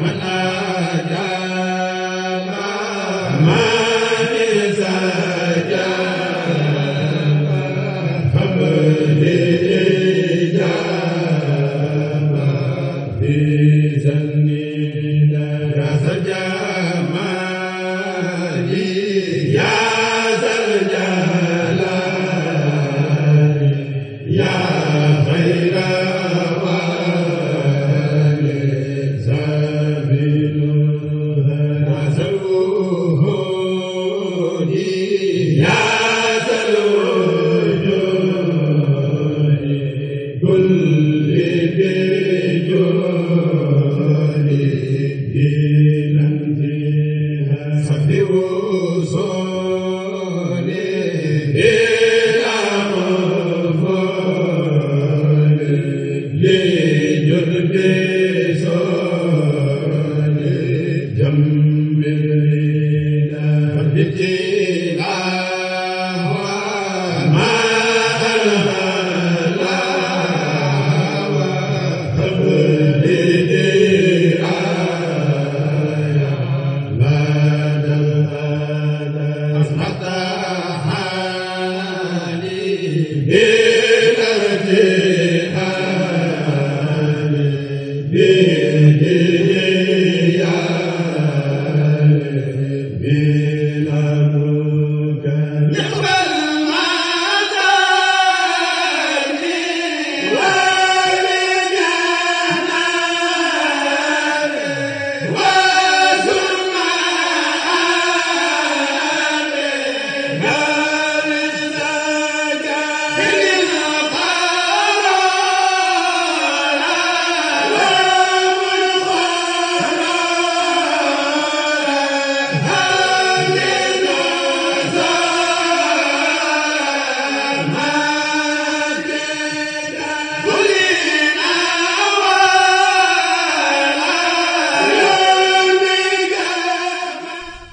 من أجاب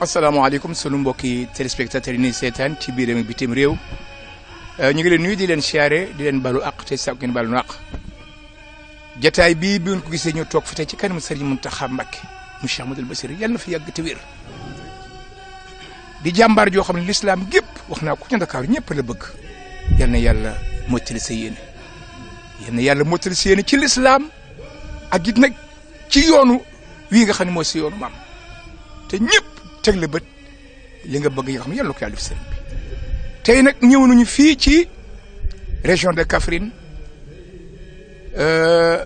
asalaamaaleykum sunu mbokki téléspectateurs yi ni seetaan ci biir réew mi bitim réew euh, ñu ngi leen nuyu di leen siyaare di leen balu àq te sàkku ngeen balu àq jataay bii bi ko gisee ñu toog fi te ci kanamu sëriñ Mountakha Mbacké mu Cheikh Ahmadoul Bassir yàlla na fi yàgg te wér di jàmbaar joo xam ne lislaam gépp wax naa ko ca Ndakaaru ñëpp la bëgg yal na yàlla mottali sa yéene yal na yàlla mottali sa yéene ci lislaam ak it nag ci yoonu wii nga xam ne mooy si yoonu teg la bët li nga bëgg yi nga xam ne yàlla ko yàlla def sëriñ bi tey nag ñëw nañu fii ci région de Kaffrine euh,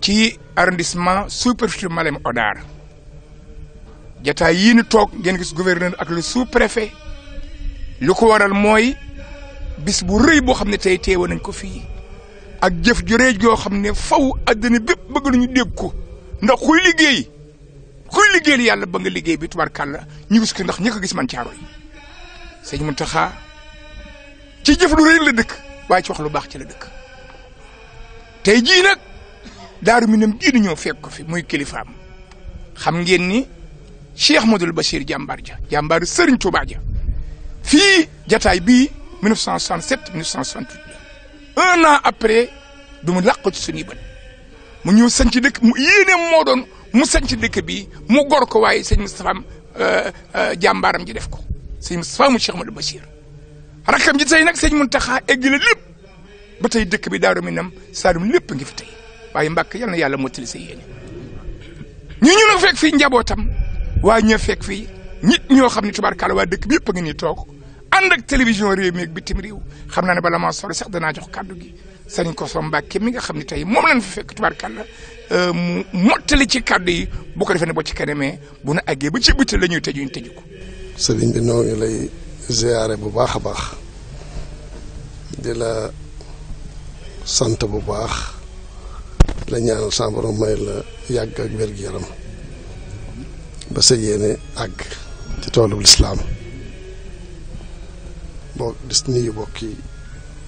ci arrondissement sous-préfecture Malem Hodar jataay yii ñu toog ngeen gis gouverneur ak le sous-préfet lu ko waral mooy bis bu rëy boo xam ne tey teewoon nañ ko fii ak jëf ju joo xam ne fow àddina bépp bëgg nañu dégg ko ndax kuy liggéey kuy liggéeyal yàlla ba liggéey bi tubarkàlla ñu gis ko ndax ñi ko gis man caaro yi sëñ Muntaxa ci jëf lu rëy la dëkk waaye ci wax lu baax ci la dëkk tey jii nag daaru minam jii ñoo fekk ko fi muy kilifaam xam ngeen ni Cheikh Modou Bachir jàmbaar ja jàmbaaru sëriñ Touba ja fii jataay bii 1967 1968 un an après du mu làq ci suñuy bët mu ñëw sañ dëkk mu yéeneem mu sanc dëkk bi mu gor ko waaye sëñ Moustapha euh, euh, jàmbaaram ji def ko sëñ Moustapha mu Cheikh Amadou Bachir rakkam ji tey nag sëñ Mountakha egg la lépp tey dëkk bi Daaru Minam Saalum lépp ngi fi waaye mbakk yal na yàlla mottali sa yéene ñu ñu fek fekk fii njabootam waa ña fekk fii nit ñoo xam ne tubaarkàlla waa dëkk bi yëpp a ngi nii toog ànd ak télévision réew meeg ak bitim réew xam naa ne bala maa sori sax danaa jox kàddu gi Serigne Kosso Mbacke mi nga xam ne tey moom lañ fi fekk tubaarkàlla euh, mu mottali ci kàddu yi bu ko defee ne boo ci kanamee bu na àggee ba ci bitti la ñuy tëju ñu tëju ko. Serigne bi noo lay ziare bu baax a baax di la sant bu baax la ñaanal sa borom may la yàgg ak wér-gu-yaram ba sa yéene àgg ci toolu lislaam boo gis nii bokki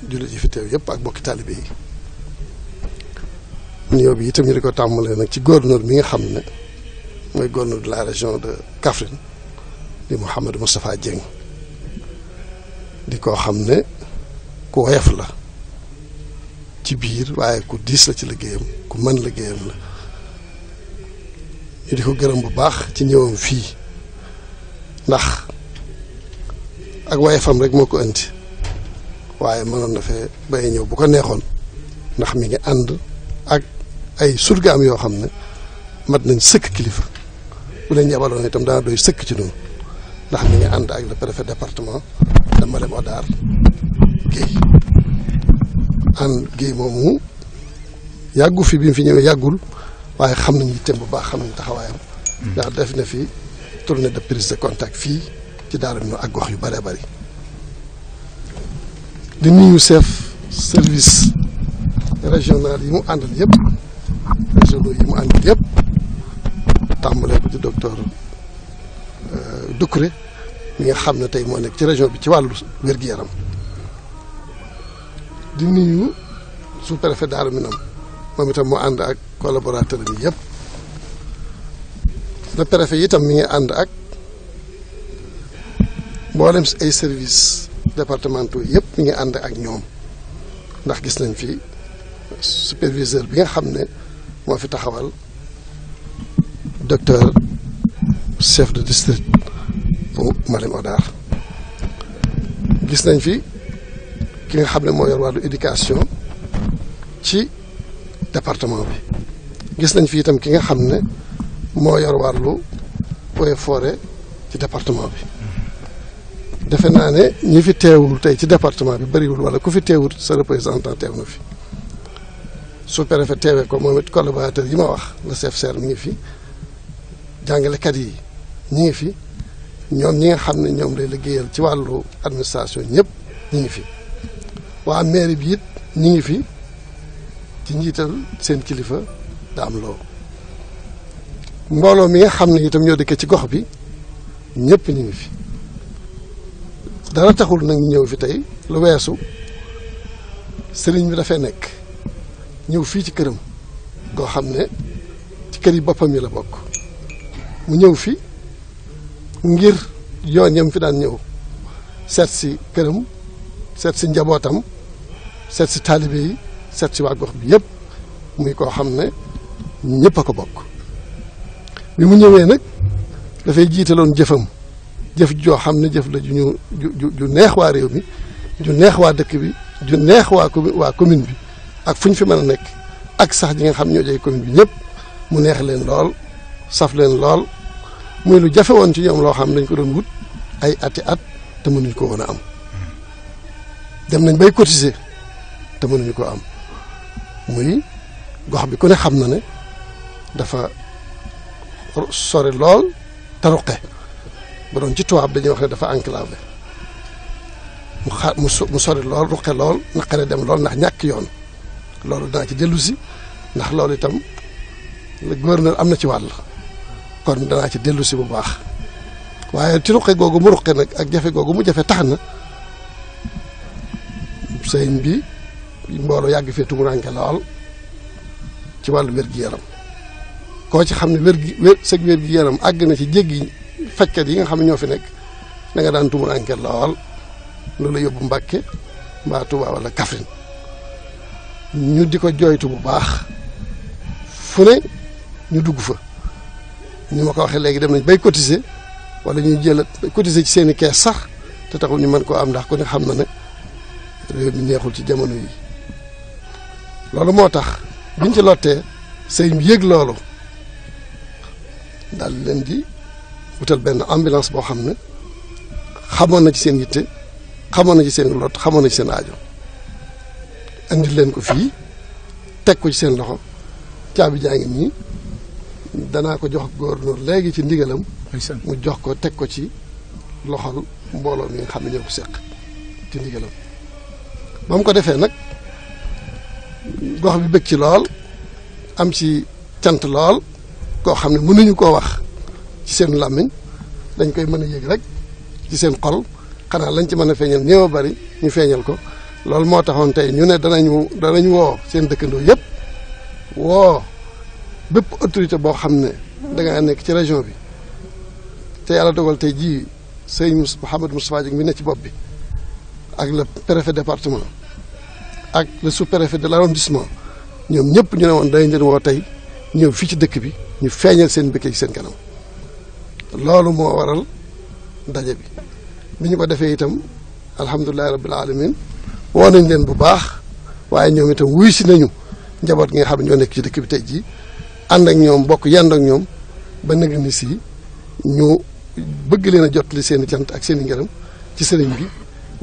jullit yi fi teew yëpp ak bokki taalibe yi nuyoo bi itam ñu di ko tàmbalee nag ci gouverneur mi nga xam ne mooy gouverneur de la région de Kaffrine di Mouhamadou safaa Dieng di koo xam ne ku woyof la ci biir waaye ku diis la ci liggéeyam ku mën liggéeyam la ñu di ko gërëm bu baax ci ñëwam fii ndax ak woyefam rek moo ko indi waaye mënoon na bay ñëw bu ko neexoon ndax mi ngi ànd ak ay surgaam yoo xam ne mat nañ sëkk kilifa bu leen yabaloon itam dana doy sëkk ci noonu ndax mi ngi ànd ak le préfet département de Malem Hodar Guèye géey Guèye moomu yàggu fii bi mu fi ñëwee yàggul waaye xam nañu itam bu baax xam nañu taxawaayam ndax def na fi tournée de prise de contact fii ci daara mi ak gox yu bëree bëri di nuyu chef service régional yi mu àndal yëpp régionaux yi mu àndal yëpp tàmbalee ko ci docteur euh, Doucouré mi nga xam ne tey moo nekk ci région bi ci wàllu wér-gu-yaram di nuyu sous-préfet Darou Minam moom itam mu ànd ak collaborateur yi yëpp le préfet itam mi ngi ànd ak mboolem si ay service départementaux yëpp ñu ngi ànd ak ñoom ndax gis nañ fi superviseur bi nga xam ne moo fi taxawal docteur chef de district bu Malem Hodar gis nañ fi ki nga xam ne moo yor wàllu éducation ci département bi gis nañ fi itam ki nga xam ne moo yor wàllu eaux et ci département bi defe naa ne ñi fi teewul tey ci département bi bariwul wala ku fi teewul sa représentant teew na fi su préfet teewee ko moom it collaborateur yi ma wax le chef serre mi ngi fi jàngalekat yi ñi ngi fi ñoom ñi nga xam ne ñoom lay liggéeyal ci wàllu administration ñëpp ñi ngi fi waa mairie bi it ñi ngi fi ci njiital seen kilifa da am loo mbooloo mi nga xam ne itam ñoo dëkkee ci gox bi ñëpp ñi ngi fi dara taxul nag ñëw fi tey lu weesu sëriñ bi dafay nekk ñëw fii ci këram goo xam ne ci kër yi boppam yi la bokk mu ñëw fi ngir yoon yam fi daan ñëw seet si këram seet si njabootam seet si taalibe yi seet si waa gox bi yëpp muy koo xam ne ñépp a ko bokk bi mu ñëwee nag dafay jiitaloon jëfam jëf joo xam ne jëf la ju ñu ju ju neex waa réew mi ju neex waa dëkk bi ju neex waa waa commune bi ak fu ñu fi mën a nekk ak sax ji nga xam ñoo jey commune bi ñëpp mu neex leen lool saf leen lool muy lu jafe woon ci ñoom loo xam dañ ko doon wut ay ati at te mënuñ ko woon a am dem nañ bay cotiser te mënuñu ko am muy gox bi ku ne xam na ne dafa sore lool te ruqe ba doon ci tubaab dañuy wax ne dafa enclavé mu xaar mu sori lool ruqe lool naqare dem lool ndax ñàkk yoon loolu danaa ci dellu si ndax loolu itam le gouverneur am na ci wàll kon danaa ci dellusi bu baax waaye ci ruqe googu mu ruqe nag ak jafe googu mu jafe tax na sëñ bi mbooloo yàgg fee tumuranke lool ci wàllu wér-gi-yaram koo ci xam ne wér gi yaram àgg na ci jéggi fajkat yi nga xam ne ñoo fi nekk danga nga daan tumur enquête lool loolu la yóbbu Mbàkke mbaa tubaa wala Kaffrine ñu di ko jooytu bu baax fu ne ñu dugg fa ñu ma ko waxee léegi dem nañ bay cotiser wala ñuy jël cotiser ci seen i kees sax te taxul ñu mën koo am ndax ku ne xam na ne réew mi neexul ci jamono yi loolu moo tax biñ ci lottee sëñ bi yëg loolu daal leen ji wutal benn ambulance boo xam ne xamoon na ci seen yitte xamoon na ci seen lot xamoon na ci seen aajo andil leen ko fii teg ko ci seen loxo caabi jaa ngi nii danaa ko jox góor gouverneur léegi ci ndigalam. mu jox ko teg ko ci loxol mbooloo mi nga xam ne ñoo ko seq ci ndigalam. ba mu ko defee nag gox bi bëgg ci lool am ci cant lool koo xam ne nañu koo wax. ci seen làmmiñ dañ koy mën a yëg rek ci seen xol xanaa lañ ci mën a feeñal néew bari ñu feeñal ko loolu moo taxoon tey ñu ne danañu danañ woo seen dëkkandoo yëpp woo bépp autorité boo xam ne da ngaa nekk ci région bi te yàlla dogal tey jii sëñ Mouhamed Moustapha Dieng mi ne ci bopp bi ak la préfet département ak le sous-préfet de l'arrondissement ñoom ñëpp ñu ne woon danañ leen woo tey ñëw fii ci dëkk bi ñu feeñal seen mbëkkee ci seen kanam loolu moo waral daje bi bi ñu ko defee itam alhamdulilahi rabbil alamin woo nañ leen bu baax waaye ñoom itam wuy si nañu njaboot nga xam ne ñoo nekk ci dëkk bi tey jii ànd ak ñoom bokk yànd ak ñoom ba nag ni si ñu bëgg leen a jot li seeni cant ak seeni i ngërëm ci sëriñ bi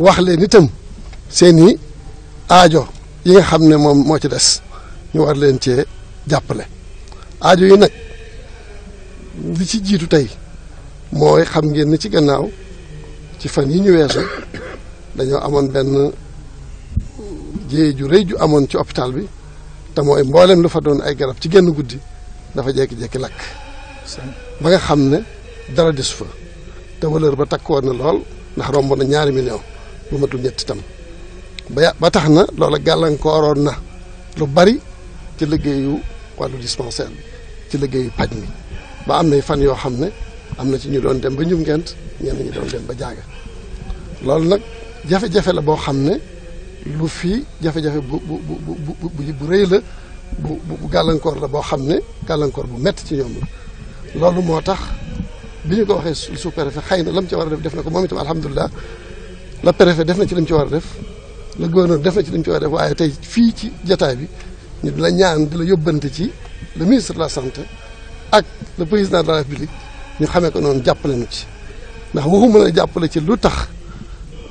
wax leen itam seeni aajo yi nga xam ne moom moo ci des ñu war leen cee jàppale aajo yi nag li ci jiitu tey mooy xam ngeen ni ci gannaaw ci fan yi ñu weesu dañoo amoon benn jéey ju rëy ju amoon ci hôpital bi te mooy mboolem lu fa doon ay garab ci genn guddi dafa jékki-jékki lakk ba nga xam ne dara desu fa te ba takkoon na lool ndax romb na ñaari million lu matul ñetti tam ba ba tax na loola gàllankooroon na lu bari ci liggéeyu wàllu dispensaire bi ci liggéeyu paj mi ba am na fan yoo xam ne am na ci ñu doon dem ba njum ngeent ñenn ñu doon dem ba jaaga loolu nag jafe-jafe la boo xam ne lu fii jafe-jafe bu bu bu bu bu rëy la bu bu gàllankoor la boo xam ne gàllankoor bu métti ci ñoom la loolu moo tax bi ñu ko waxee sous préfet xëy na lam ci war a def def na ko moom itam alhamdulilah la préfet def na ci lim ci war a def la gouverneur def na ci lim ci war a def waaye tey fii ci jataay bi ñu di la ñaan di la yóbbante ci le ministre la santé ak le président de la ñu xamee ko noonu jàppale nu ci ndax waxuma la jàppale ci lu tax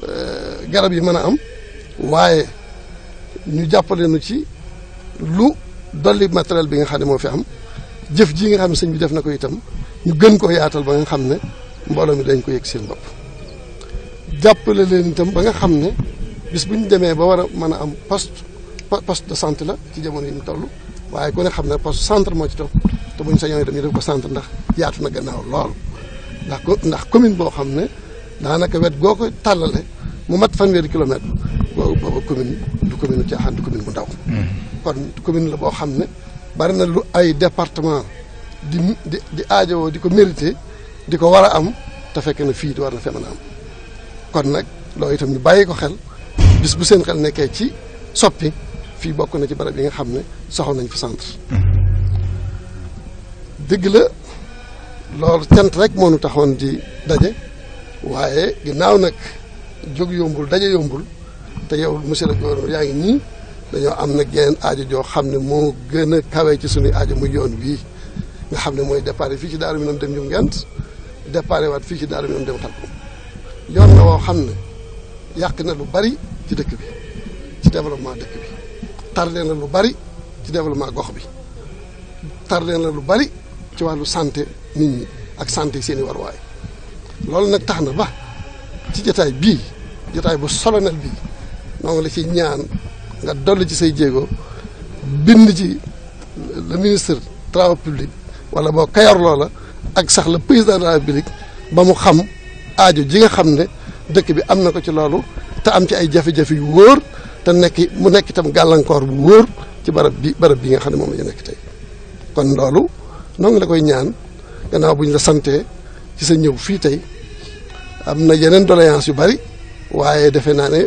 euh, garab yi mën a am waaye ñu jàppale nu ci lu dolli matériel bi nga xam ne moo fi am jëf ji nga xam ne sëñ bi def na ko itam ñu gën koo yaatal ba nga xam ne mbooloo mi dañ ko yëg seen bopp jàppale leen itam ba nga xam ne bis bu ñu demee ba war a mën a am poste poste de santé la ci jamono yi ñu toll waaye ku ne xam na parce que centre moo ci topp te buñ sañoon itam ñu def ko centre ndax yaatu na gannaaw lool ndax ndax commune boo xam ne daanaka wet goo ko tàllale mu mat fanweeri kilomètre boobu boobu commune du commune caaxaan du commune bu ndaw. Mm-hmm. kon commune la boo xam ne bari na lu ay département di di di aajowoo di ko mérité di ko war a am te fekk na fii di war na fe mën a am kon nag loo itam ñu bàyyi ko xel bis bu seen xel nekkee ci soppi. fii bokk na ci barab yi nga xam ne soxla nañ fi centre mm-hmm. dëgg la loolu cant rek moo nu taxoon di daje waaye ginnaaw nag jóg yombul daje yombul te yow monsieur le yaa ngi nii dañoo am nag yeneen aajo joo xam ne moo gën a kawe ci suñuy aajo mu yoon bii nga xam ne mooy départ fii ci Daaru Minam dem Ndioum Ngent départ waat fii ci Daaru Minam dem ko yoon la woo xam ne yàq na lu bari ci dëkk bi ci développement dëkk bi tardé na lu bari ci développement gox bi tardé na lu bari ci wàllu santé nit ñi ak santé seen i waruwaay loolu nag tax na ba ci jotaay bii jotaay bu solennel bii noo ngi la ci ñaan nga dolli ci say jéego bind ci la ministre travaux publics wala boo kayor loola ak sax la président de la république ba mu xam aajo ji nga xam ne dëkk bi am na ko ci loolu te am ci ay jafe-jafe yu wóor te nekk mu nekk itam gàllankoor bu wóor ci barab bi barab bi nga xam ne moom la ñu nekk tey kon loolu noo ngi la koy ñaan gannaaw bu ñu la santee ci sa ñëw fii tey am na yeneen doléance yu bari waaye defe naa ne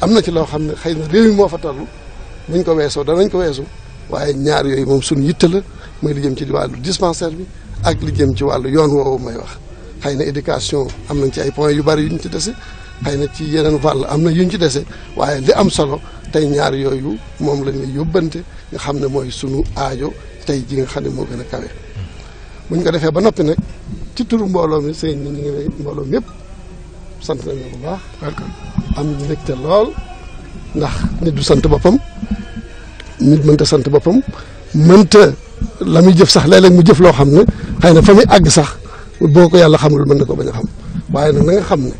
am na ci loo xam ne xëy na réew mi fa toll buñ ko weesoo danañ ko weesu waaye ñaar yooyu moom suñu yitte la mooy li jëm ci wàllu dispensaire bi ak li jëm ci wàllu yoon woowu may wax xëy na éducation am nañ ci ay points yu bari yu ñu ci dese xëy na ci yeneen wàll am na yuñ ci dese waaye li am solo tey ñaar yooyu moom la yóbbante nga xam ne mooy sunu aajo tey ji nga xam ne moo gën a kawe. buñ ko defee ba noppi nag ci turu mbooloo mi sëñ bi ñu ngi ne mbooloo mi yëpp sant bu baax. am mbégte lool ndax nit sant boppam nit mënta sant boppam mënta la muy jëf sax léeg-léeg mu jëf loo xam ne xëy na fa muy àgg sax boo ko yàlla xamul mën na ko bañ a xam waaye nag na nga xam ne.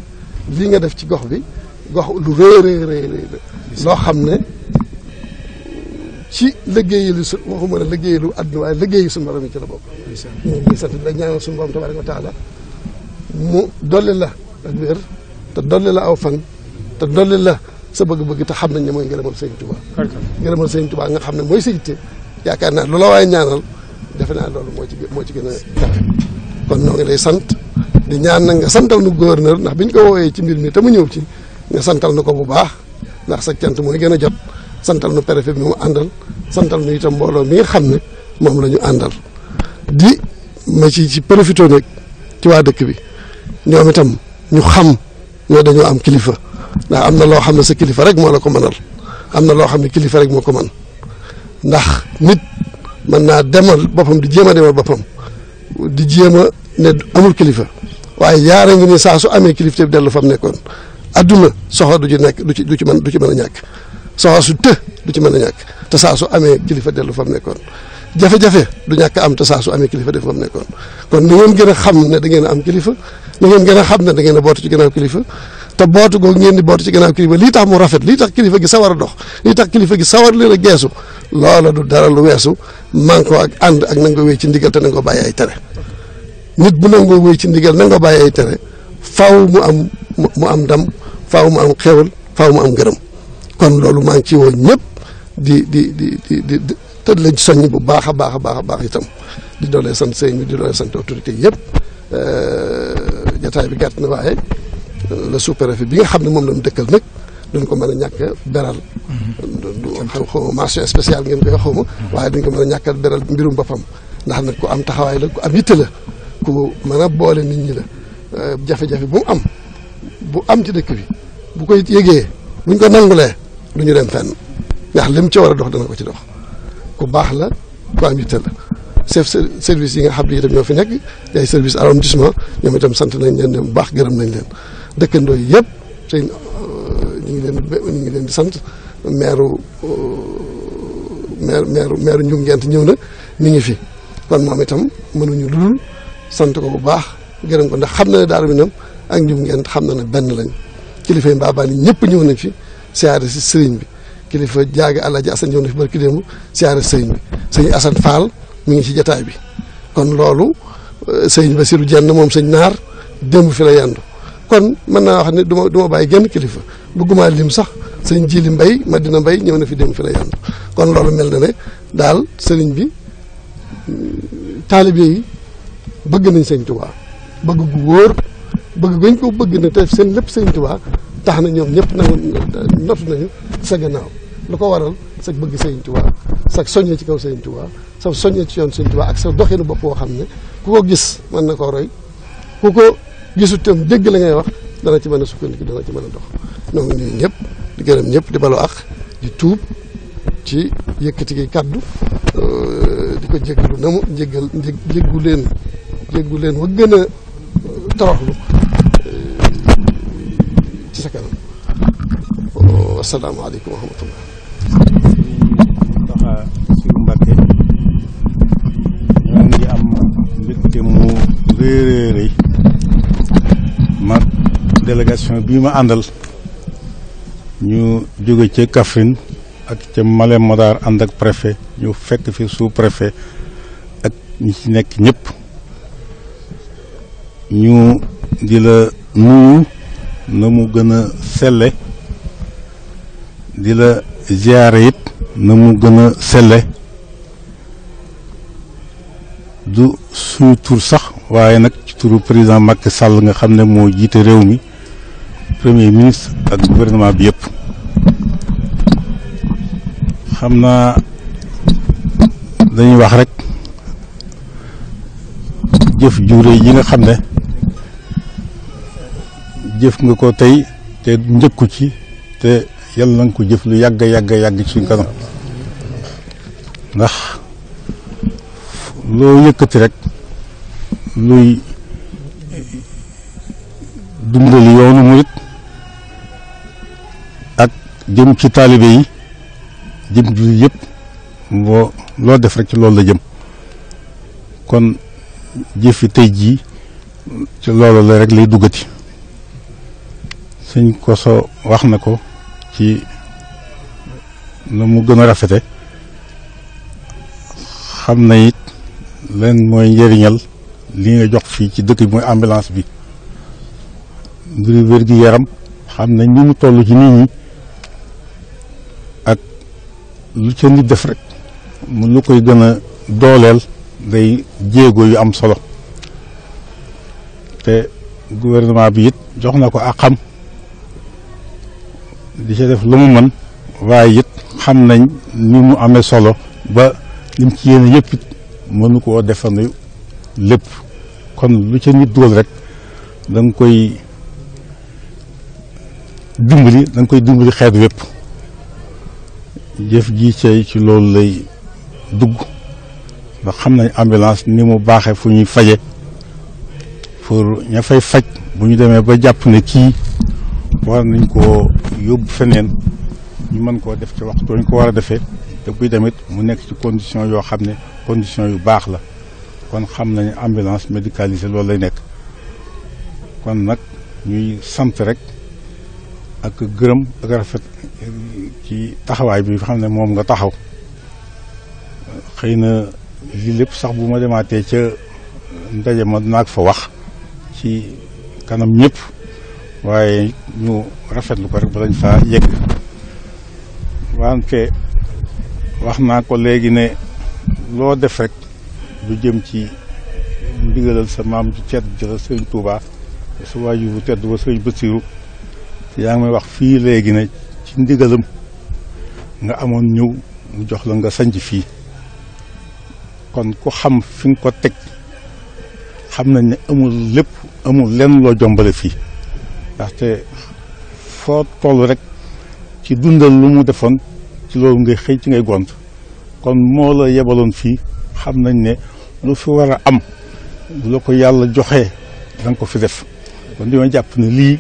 lii nga def ci gox bi gox lu rëy rëy rëy loo xam ne ci liggéeyalu su waxuma la liggéeyalu àdduna waaye liggéeyu suñu borom yi ci la bokk ñu ngi sant la ñaanal suñu borom tabaaraka wa taala mu dolli la ak wér te dolli la aw fan te dolli la sa bëgg-bëgg te xam nañ ne mooy ngërëmal sëñ Tuba ngërëmal sëñ Tuba nga xam ne mooy sa yitte yaakaar naa lu la waaye ñaanal defe naa loolu moo ci moo ci gën a jafe kon noo ngi lay sant di ñaan nag nga santal nu gouverneur ndax bi ñu ko woowee ci mbir mi te mu ñëw ci nga santal nu ko bu baax ndax sa cant mooy gën a jot santal nu préfet bi mu àndal santal nu itam mbooloo mi nga xam ne moom la ñu àndal di ma ci ci profité ci waa dëkk bi ñoom itam ñu xam ñoo dañoo am kilifa ndax am na loo xam ne sa kilifa rek moo la ko mënal am na loo xam ne kilifa rek moo ko man ndax nit mën naa demal boppam di jéem a demal boppam di jéem a ne amul kilifa waaye yaara ngi ni saa su amee kilifte bi dellu fa mu nekkoon adduna soxla du ci nekk du ci du ci mën du ci mën a ñàkk soxla su të du ci mën a ñàkk te saa su amee kilifa dellu fa mu nekkoon jafe-jafe du ñàkk am te amee kilifa dellu fa mu nekkoon kon na ngeen gën a xam ne da ngeen a am kilifa na ngeen gën a xam ne da bootu ci gannaaw kilifa te bootu googu ngeen di bootu ci gannaaw kilifa lii tax mu rafet lii tax kilifa gi sawar a dox lii tax kilifa gi sawar leen a geesu loola du dara lu weesu man ak ànd ak na nga ko wéy ci ndigal te ko bàyyi ay tere nit bu nangoo wéy ci ndigal nangoo bàyyi ay tere faaw mu am mu am dam faw mu am xewal faw mu am gërëm kon loolu maa ngi ci woo ñëpp di di di di di te lañ soññ bu baax a baax a baax a baax itam di doolee sant sëñ bi di doolee sant autorité yëpp euh, jataay bi gàtt na waaye le sous-préfet bi nga xam ne moom lañ dëkkal nag duñ ko mën a ñàkk beral mm-hmm. du xaw ma mention spéciale ngeen koy xaw ma waaye duñ ko mën a ñàkk beral mbirum boppam ndax nag ko am taxawaay la ko am yitte la ku mën a boole nit ñi la euh, jafe-jafe bu mu am bu am ci dëkk bi bu koy yëgee buñ ko nangulee du ñu dem fenn ndax lim ci war a dox dana ko ci dox ku baax la ku am yitte la chef service yi nga xam ne itam ñoo fi nekk day service arrondissement ñoom itam sant nañ leen bu baax gërëm nañ leen dëkkandoo yëpp tey euh, ñu ngi leen ñu ngi leen di sant maire euh, maire maire maire Ndiounguent ñëw na mi ngi fi kon moom itam mënuñu ludul sant ko bu baax gërëm ko ndax xam na ne Daaru Minam ak njub ngeen xam na ne benn lañ kilifa yi Mbabane ñëpp ñëw na fi siyaare si sëriñ bi kilifa jaaga Alaaji Asan ñëw na fi barki démb sëñ Asan Faal mu ngi ci jataay bi kon loolu euh, sëñ Basiru Jenn moom sëñ Naar démb fi la yendu kon mën naa wax ne du ma genn kilifa bëgguma lim sax sëñ Jili Mbay Madina Mbay ñëw na fi démb fi la kon loolu mel na ne daal sëriñ bi euh, taalibe yi bëgg nañ sëñ Tuubaa bëgg gu wóor bëgg gañ koo bëgg na te seen lépp sëñ Tuubaa tax na ñoom ñëpp na not nañu sa gannaaw lu ko waral sa bëgg sëñ Tuubaa sa soññee ci kaw sëñ Tuubaa sa soññee ci yoon sëñ Tuubaa ak sa doxinu bopp boo xam ne ku ko gis mën na koo roy ku ko gisut tam dégg la ngay wax dana ci mën a sukkandiku dana ci mën a dox donc ñun ñëpp di gërëm ñëpp di baloo ak di tuub ci yëkkati gi kàddu euh, di ko jéggalu na mu jéggal jéggu leen déggu leen wa gën a euh, toroxlu euh, ci sa kanam asalaamaaleykum wa rahmatullah taxa suñu mbàkke ñoo ma délégation bii ma àndal ñu jóge ca Kaffrine ak ca Malem Hodar ànd ak préfet ñu fekk fi sous préfet ak ñi ci nekk ñëpp ñu di la nuyu na mu gën a selle di la ziyaare it na mu gën a selle du suñu tur sax waaye nag ci turu président Macky Sall nga xam ne moo jiite réew mi premier ministre ak gouvernement bi yëpp xam naa dañuy wax rek jëf jure yi nga xam ne jëf nga ko tey te njëkku ci te yàlla na nga ko jëf lu yàgg yàgg yàgg ci suñ kanam ndax loo yëkkati rek luy dundali yoonu murit ak jëm ci taalibe yi jëm ci yëpp boo loo def rek ci loolu la jëm kon jëfi tey jii ci loolu la rek lay duggati sëñ koso wax na ko ci nu mu gën a rafete xam na it leen mooy njëriñal li nga jox fii ci dëkk bi mooy ambulance bi mbiri wér yaram xam nañ ni mu toll ci nit ñi ak lu ca nit def rek mu lu koy gën a dooleel day jéego yu am solo te gouvernement bi it jox na ko ak xam di ci def lu mu mën waaye it xam nañ ni mu amee solo ba lim ci yéene yëpp mënu koo defandu lépp kon lu ca nit dugal rek da koy dimbali da nga koy dimbali xeet wépp jëf ji cay ci loolu lay dugg ndax xam nañ ambulance ni mu baaxe fu ñuy faje pour ña fay faj bu ñu demee ba jàpp ne kii war nañ koo yóbbu feneen ñu mën koo def ci waxtu ñu ko war a defee te buy tamit mu nekk ci condition yoo xam ne condition yu baax la kon xam nañu ambulance médicalisée loolu lay nekk kon nag ñuy sant rek ak gërëm ak rafet ci taxawaay bi xam ne moom nga taxaw xëy na lii lépp sax bu ma demaatee ca ndaje ma naag fa wax ci kanam ñëpp waaye ñu lu ko rek ba lañ faa yëgg wante wax naa ko léegi ne loo def rek du jëm ci ndigalal sa maam ju tedd jëla sëriñ Touba su waajur bu tedd ba sëriñ Bassirou te yaa ngi may wax fii léegi ne ci ndigalam nga amoon ñëw jox la nga sanc fii kon ku xam fi nga ko teg xam nañ ni amul lépp amul lenn loo jombale fii ndaxte foo toll rek ci dundal lu mu defoon ci loolu ngay xëy ci ngay gont kon moo la yebaloon fii xam nañ ne lu fi war a am lu la ko yàlla joxe da ko fi def kon di ma jàpp ne lii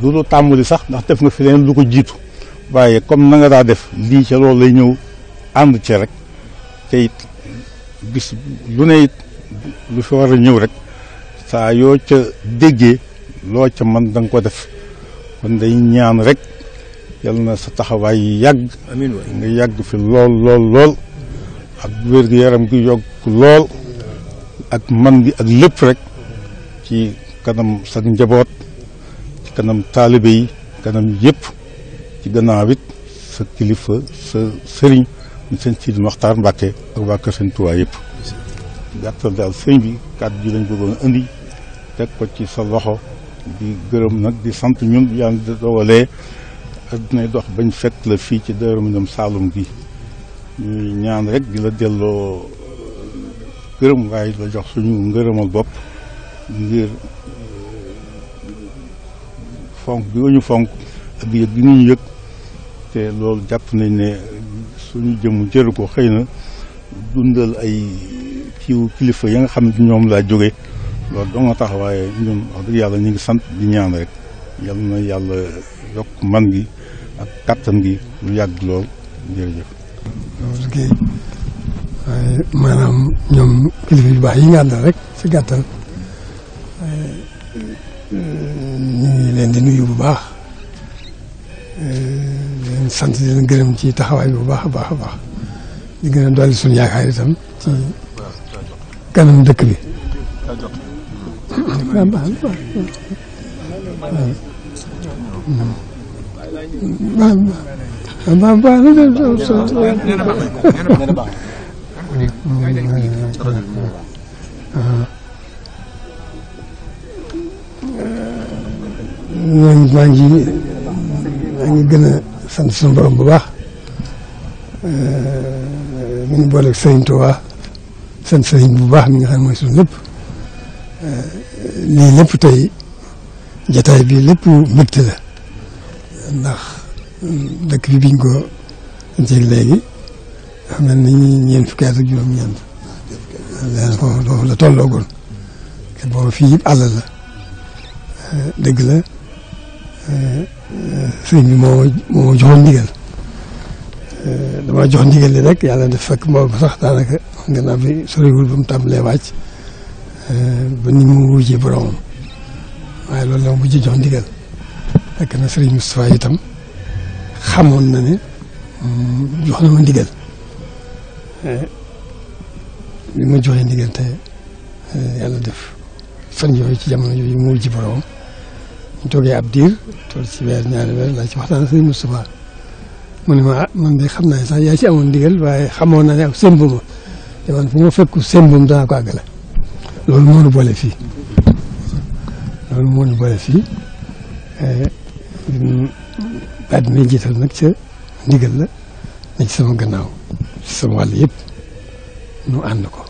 du lu tàmbali sax ndax def nga fi leen lu ko jiitu waaye comme na nga daa def lii ca loolu lay ñëw ànd ci rek te it lu ne it lu fi war a ñëw rek saa yoo ca déggee loo ca man da nga ko def kon day ñaan rek yal na sa taxawaay yàgg amiin nga yàgg fi lool lool lool ak wér-gu-yaram gi yokk lool ak man gi ak lépp rek ci kanam sa njaboot ci kanam taalibe yi kanam yépp ci gannaaw it sa kilifa sa sëriñ sëñ Sidi Maxtaar Mbàkke ak waa Kër Sëñ Tuubaa yëpp gàttal daal sëñ bi kàddu ji lañ bëggoon indi teg ko ci sa loxo di gërëm nag di sant ñun yàlla ak nay dox bañ fekk la fii ci Daaru Minam Saalum gi ñuy ñaan rekk di la delloo gërëm waaye la jox suñu ngërëmal bopp ngir uh, fonk bi nga fonk ak yëg bi nga ñu yëg te loolu jàpp nañ ne suñu jëmu jëru ko xëy na dundal ay kiiwu kilifa ya nga xam ne ñoom laa jóge loolu dong moo tax waaye dëgg yàlla ñu ngi sant di ñaan rek yal na yàlla yokk man gi ak kattan gi mu yàgg lool jërëjëf. loolu kay waaye maanaam ñoom kilifa yu baax yi nga àndal rek si gàttal eh, eh, ñu ngi nuyu bu baax eh, di leen sant di leen gërëm ci taxawaay bi bu baax a baax a baax di gën a dolli suñu yaakaar itam ci kanam dëkk bi. ñooñu maa ngi eh, maa ngi gën a sant suñu borom bu baax eh, mi ngi booleeg Sëriñ Tuubaa sant Sëriñ bu baax mi nga xam ne mooy suñu lépp eh, lii lépp tey jataay bi lépp mbégte ndax dëkk bi biñ ko jég léegi xam ne nañu ñeen fukki at ak juróom-ñeent leen foofu foofu la tolloogoon te fii yëpp àll la dëgg la sëñ bi moo moo joxoon ndigal dama jox ndigal li rek yàlla def fekk boobu sax daanaka xam nga naa fi soriwul ba mu tàmbalee wàcc ba ni mu wujjee boroomam loolu la bu ci jox ndigal fekk na Serigne Moustapha itam xamoon na mm, jox na ma ndigal bi ma joxee ndigal te eh, yàlla def fan yooyu ci jamono yooyu mu wujji boroomam ñu toogee ab diir tool ci weer ñaari weer laa ci waxtaan Serigne Moustapha mu ne ma ah de xam naa sax yaa ci amoon ndigal waaye xamoon na ne ak sëmbuma te man fu ma fekku sëmbum danaa ko àggale loolu moo boole fii loolu moo boole fii daal eh, dinañ jiital nag ca ndigal la na ci sama gannaaw ci sama wàll yëpp nu ànd ko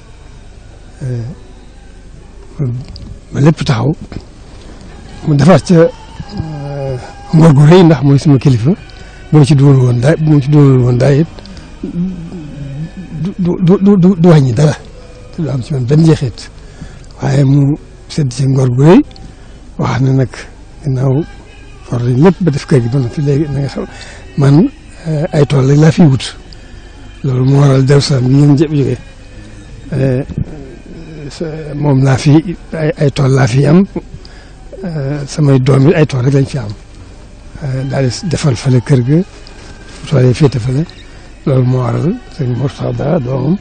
ba eh, lépp taxaw mu defaat ca eh, ngor gu rëy ndax mooy sama kilifa boo ci dugal woon daay boo ci dugal woon daay dara te du am ci man benn jeexit waaye mu sedd ci ngor gu rëy wax na nag ginnaaw for nañ ba def kër gi ba fi léegi na nga man eh, ay tool rek laa fi wut loolu moo waral Darou Salaam bi ngeen jëpp eh, moom laa fi ay ay tool laa fi am eh, samay doom yi ay tool rek lañ fi am daal defal fële kër ga tool yi féete fële loolu moo waral sëñ Mourtada doomam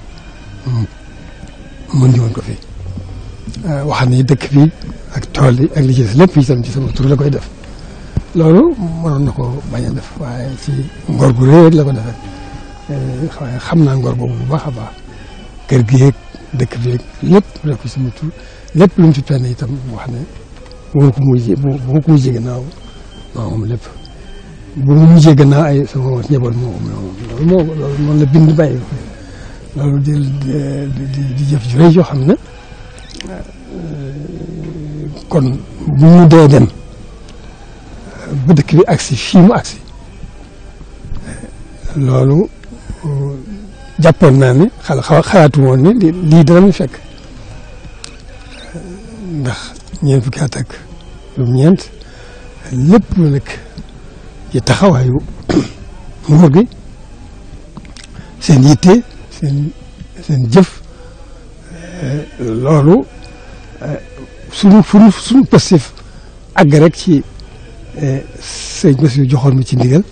mu woon ko fi. wax nañu dëkk bi ak tool ak li ci des lépp itam ci sama tur la koy def loolu mënoon na ko bañ a def waaye si ngor gu rëy la ko defee xam naa ngor boobu bu baax a baax kër gi yeeg dëkk bi yeeg lépp def ko sama lépp lu mu ci penn itam wax ne bu ma ko mujjee bu ma ko mujjee gannaaw maa moom lépp bu ma ay sama njaboot moo ko moom loolu moo loolu noonu loolu di di di jëf ju rëy yoo xam ne. kon bu mu dee dem ba dëkk bi agsi fii mu loolu jàppoon naa ni xala xalaatu ni lii dana mu fekk ndax ñeent fukki at ak lum ñeent lépp lu nekk ci taxawaayu nguur gi seen yitte seen jëf loolu suñu furu suñu pëstif àgg rek ci eh, sëñ Bassirou joxoon mi ci ndigal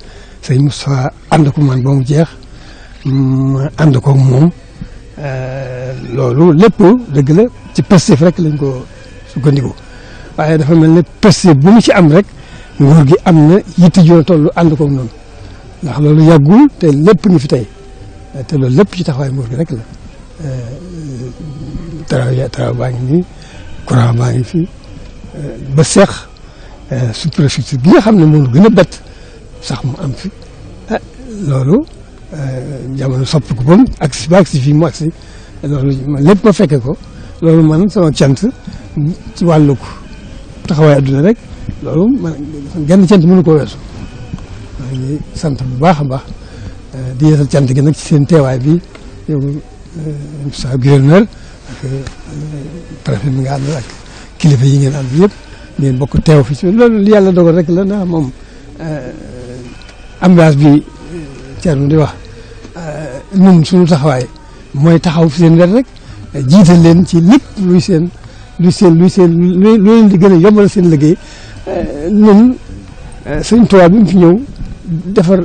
sëñ Moussa ànd ko man ba mu jeex ma ànd ko moom eh, loolu lépp dëgg la ci pëstif rek lañ ko sukkandiku waaye dafa mel ne pëstif bu mu ci am rek nguur gi am na yitte joo tollu ànd ko noonu ndax loolu yàggul te lépp ngi fi tey te loolu lépp ci taxawaay nguur gi rek la eh, travail travail baa ngi nii courant ngi fi ba seex su préfecture bi nga xam ne moom gën a bett sax mu am fi ah loolu euh, jamono soppiku ba mu ak si ba ak si fii mu ak si loolu ma fekke ko loolu man sama cant ci wàllug taxawaay adduna rek loolu man genn cant mënu ko weesu maa ngi sant bu baax a baax euh, di yeesal cant gi nag ci seen teewaay bi yow euh, sa gouverneur préfet mi nga àndal ak kilifa yi ngeen ànd yëpp ngeen bokk teew fi si loolu li yàlla dogal rek la ndax moom euh, ambiance bi euh, Thierno di wax euh, ñun suñu taxawaay mooy taxaw fi seen wet rek jiital leen ci lépp luy seen luy seen luy seen lu leen di gën a yombal seen liggéey ñun sëñ Tuubaa bi mu fi ñëw defar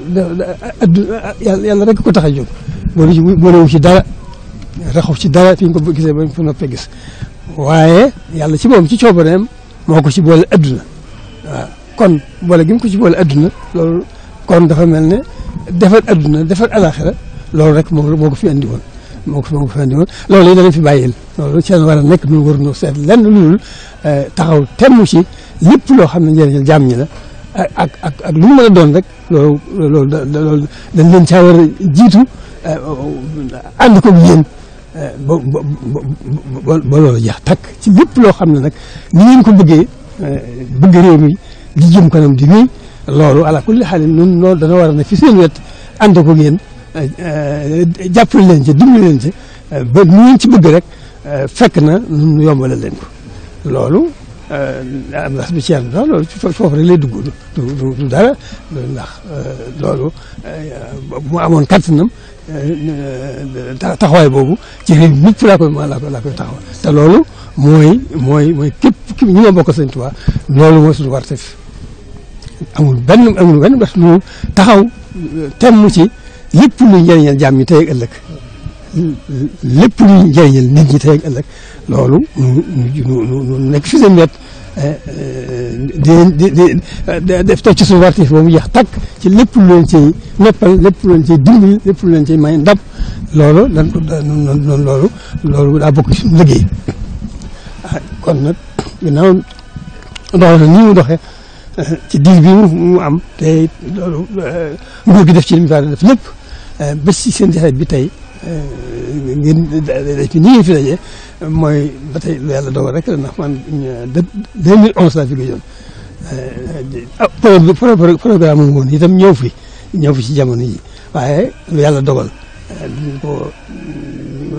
addu yàlla rek ko tax a jóg boole wu ci dara raxu ci dara fi ñu ko gisee ba ñu fa gis waaye yàlla ci moom ci coobareem moo ko ci boole adduna waaw kon boole gi ko ci boole adduna loolu kon dafa mel ne defar adduna defar alaxira loolu rek moo moo ko fi andi woon moo ko moo ko fi andi woon loolu yi danañ fi bàyyil a nekk nun war no set lenn loolu eh, taxaw temm ci lépp loo xam ne njëriñal jaam ñi la ak ak ak lu mu mën doon rek loolu loolu loolu dañ leen caa war a jiitu eh, ànd ko yéen bo ba ba ba loolu jeex takk ci lépp loo xam ne nag ni ngeen ko bëggee eh, bëgg réew mi di di wéy loolu ala kulli xaal nun loolu dana war a wet ànd ko ngeen eh, eh, jàppale leen ci dimbali ci ba rek fekk na nun yombale leen ko loolu am na bi ci yàlla sax loolu foofu rek lay dugg du du dara loolu mu amoon kattanam taxawaay boobu ci réew mi laa koy laa koy laa koy taxaw te loolu mooy mooy mooy képp ki ñi ma bokk sëñ Tuubaa loolu mooy suñu warteef amul benn amul benn bés lu taxaw temm ci lépp luy njëriñal jàmm ñi tey ak ëllëg lépp luy njëriñal nit ñi tey loolu nu nekk fi seen di di di def teg ci suñu wartif ba takk ci lépp lu ci noppal lépp lu leen ciy dimbali lépp lu leen ciy may ndab loolu dañ ko doon loolu loolu daa bokk ci suñu liggéey kon nag ginnaaw doxal na nii mu doxee ci diir mu am te loolu nguur gi def ci li mu def lépp ba si bi tey. ngeen day fi nii fi daje mooy ba tey lu yàlla dogal rek ndax man de 2011 laa fi gëjoon eh, ah programme mu woon itam ñëw fi ñëw fi ci jamono yi waaye lu yàlla dogal eh,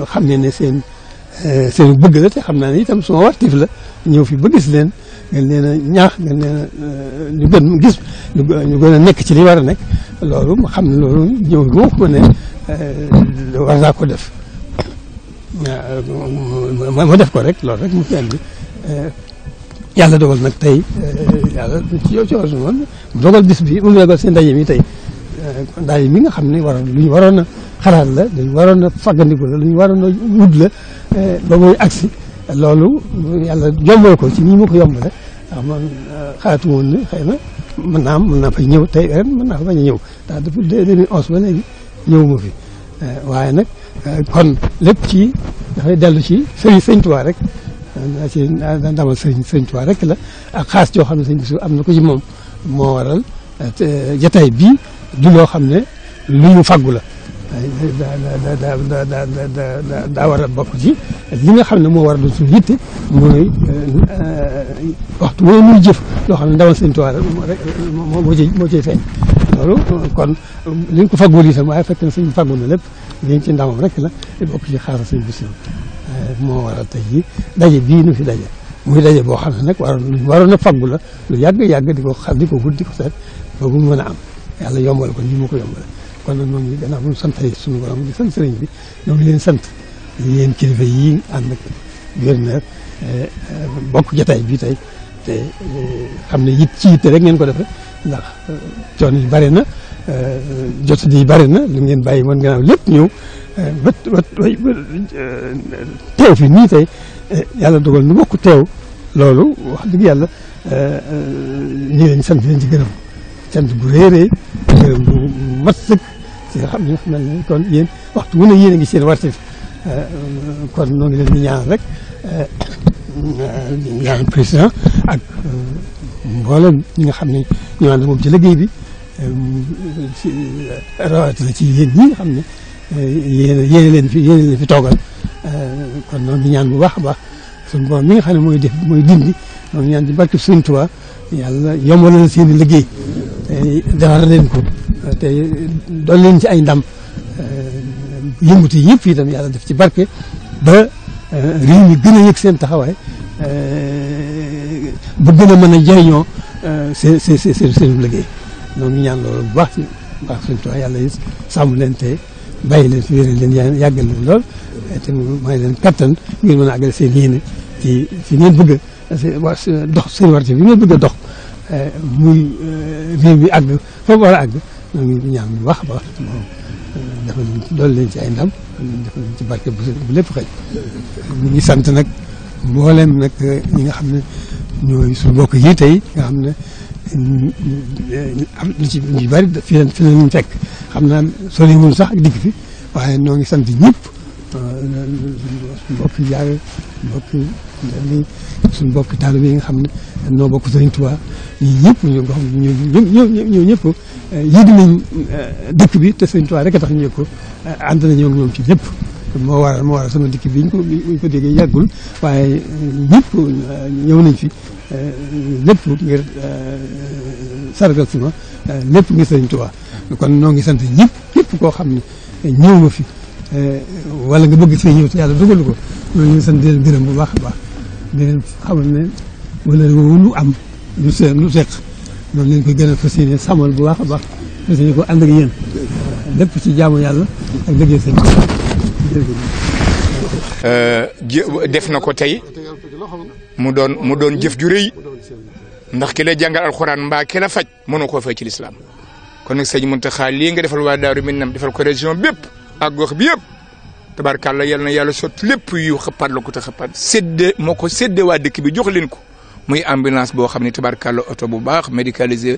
dañ mm, ne ne seen. seen bëgg la te xam naa ni itam suma wartif la ñëw fi ba gis leen ngeen leen a ñaax ngeen leen euh, gis ñu gën nekk ci li war nekk loolu ma xam na loolu ñëw bi moo ko euh, war naa def waaw ma def ko rek loolu rek mu fi andi euh, yàlla dogal nag tey yàlla ci yow ci woon dogal bis bi seen ndaje mi tey ndaje mi nga xam ne waroon lu ñu waroon a la lu ñu waroon a lu ñu waroon a wut la eh, ba muy agsi loolu yàlla jombal ko ci ñi ma ko yombale ndax man eh, xalaatu woon ne xëy na mën naa am mën naa fay ñëw tey ren fa ñëw ndax ba léegi ñëw ma fi eh, waaye nag kon lépp ci dafay dellu ci sëriñ sëñ Tuubaa rek ci ndamal sëriñ sëñ Tuubaa rek la ak xaas xam ne sëñ am na ko ci moom moo waral jotaay bii du loo xam ne lu ñu faggu la daa daa war a bokk ci li nga xam ne moo war a doon suñu yitte mooy euh, waxtu woowu muy jëf loo xam ne ndawal seen toile moo moo moo ciy kon li ñu ko faggul itam waaye fekk suñu faggul na lépp liñ ci ndamam rek la bokk ci xaaral suñu euh, moo war a tey jii daje bii nu fi daje muy daje boo xam ne nag waroon waroon a faggu la lu yàgg yàgg di ko xam di ko wut di ko seet boobu mën a am. yàlla yombal ko ni mu ko yombal kon nag noonu gannaaw bu ñu santee suñu borom di sant sëriñ bi ñoo ngi leen sant yéen kilifa yi ànd ak gouverneur eh, bokk jotaay bi tey te eh, xam ne it ci rek ngeen ko defee ndax eh, yi bare na jot di bare na lu ngeen bàyyi woon gannaaw lépp ñëw ba ba teew yàlla dogal nu bokk teew loolu wax dëgg yàlla ñu sant leen ci gërëm bu mat sëkk ci xam ne mel ni kon yéen waxtu wu ne ngi seen wartif euh, kon noo ngi leen di ñaan rek euh, ñaan président ak euh, mboolem ñi nga xam ne ñoo ànd moom ci liggéey bi na ci yéen ñi nga xam ne yéen leen fi yéen leen fi kon noonu di ñaan bu baax a baax suñu borom mi nga xam ne mooy def mooy dindi noonu ñaan di barke Sëriñ yàlla yombalal seen i liggéey defar leen ko te doon leen ci ay ndam eh, yëngutu yëpp itam yàlla def ci barke ba eh, réew mi gën seen taxawaay eh, bu gën mën a jëriñoo seen seen seen seen liggéey noonu ñaan loolu bu baax ci baax suñu tool yàlla it sàmm leen te bàyyi leen fi wéral leen yàggal leen lool te may leen kattan ngir mën a seen yéene fi ngeen bëgg Euh, euh, dox seen warte bi nga bëgg dox euh, muy réew mi àgg fa mu war a àgg ñoo ngi ñaan bu baax a baax moom ci ay ndam ci barke bu lépp xëy ñu ngi sant nag mboolem nag ñi nga xam ne ñooy suñu mbokk yi tey nga xam ne am na ci ñu bëri fi leen fi leen fekk xam naa sori wuñ sax ak digg fi waaye noo ngi sant ñëpp mbokk yi mbokk li suñu mbokk taalibe yi nga xam ne noo bokk Sëriñ Tuubaa ñun ñëpp ñu nga xam ne ñun ñëpp eh, yëg nañ eh, dëkk bi te Sëriñ Tuubaa a tax ñu ko eh, ànd nañoo ci lépp. moo waral moo sama dikk bi ñu ko ko déggee yàggul waaye ñëpp ñëw nañ fi lépp ngir sargal si ma lépp ngir Sëriñ kon noo ngi sant ñëpp ñëpp koo xam ne ñëw nga fi. wala nga bëgg fee ñëw te yàlla dugalu ko loolu ñu ngi sant di leen bu baax a baax. di leen xamal ne wala lu am lu se lu seq noonu lañ koy gën a fas yéene sàmmal bu baax a baax fas yéene ko ànd ak lépp ci jaamu yàlla ak dëggee seen def na ko tey mu doon mu doon jëf ju rëy ndax ki la jàngal alxuraan mbaa ki la faj mënu koo fay ci lislaam kon nag sëñ Muntaxa lii nga defal waa Daaru nam defal ko région bépp ak gox bi yëpp tabarkàlla yal na yàlla sot lépp yu xëppaat la ko te xëppaat séddee moo ko séddee waa dikk bi jox leen ko muy ambulance boo xam ne tabarkàlla oto bu baax médicalisé.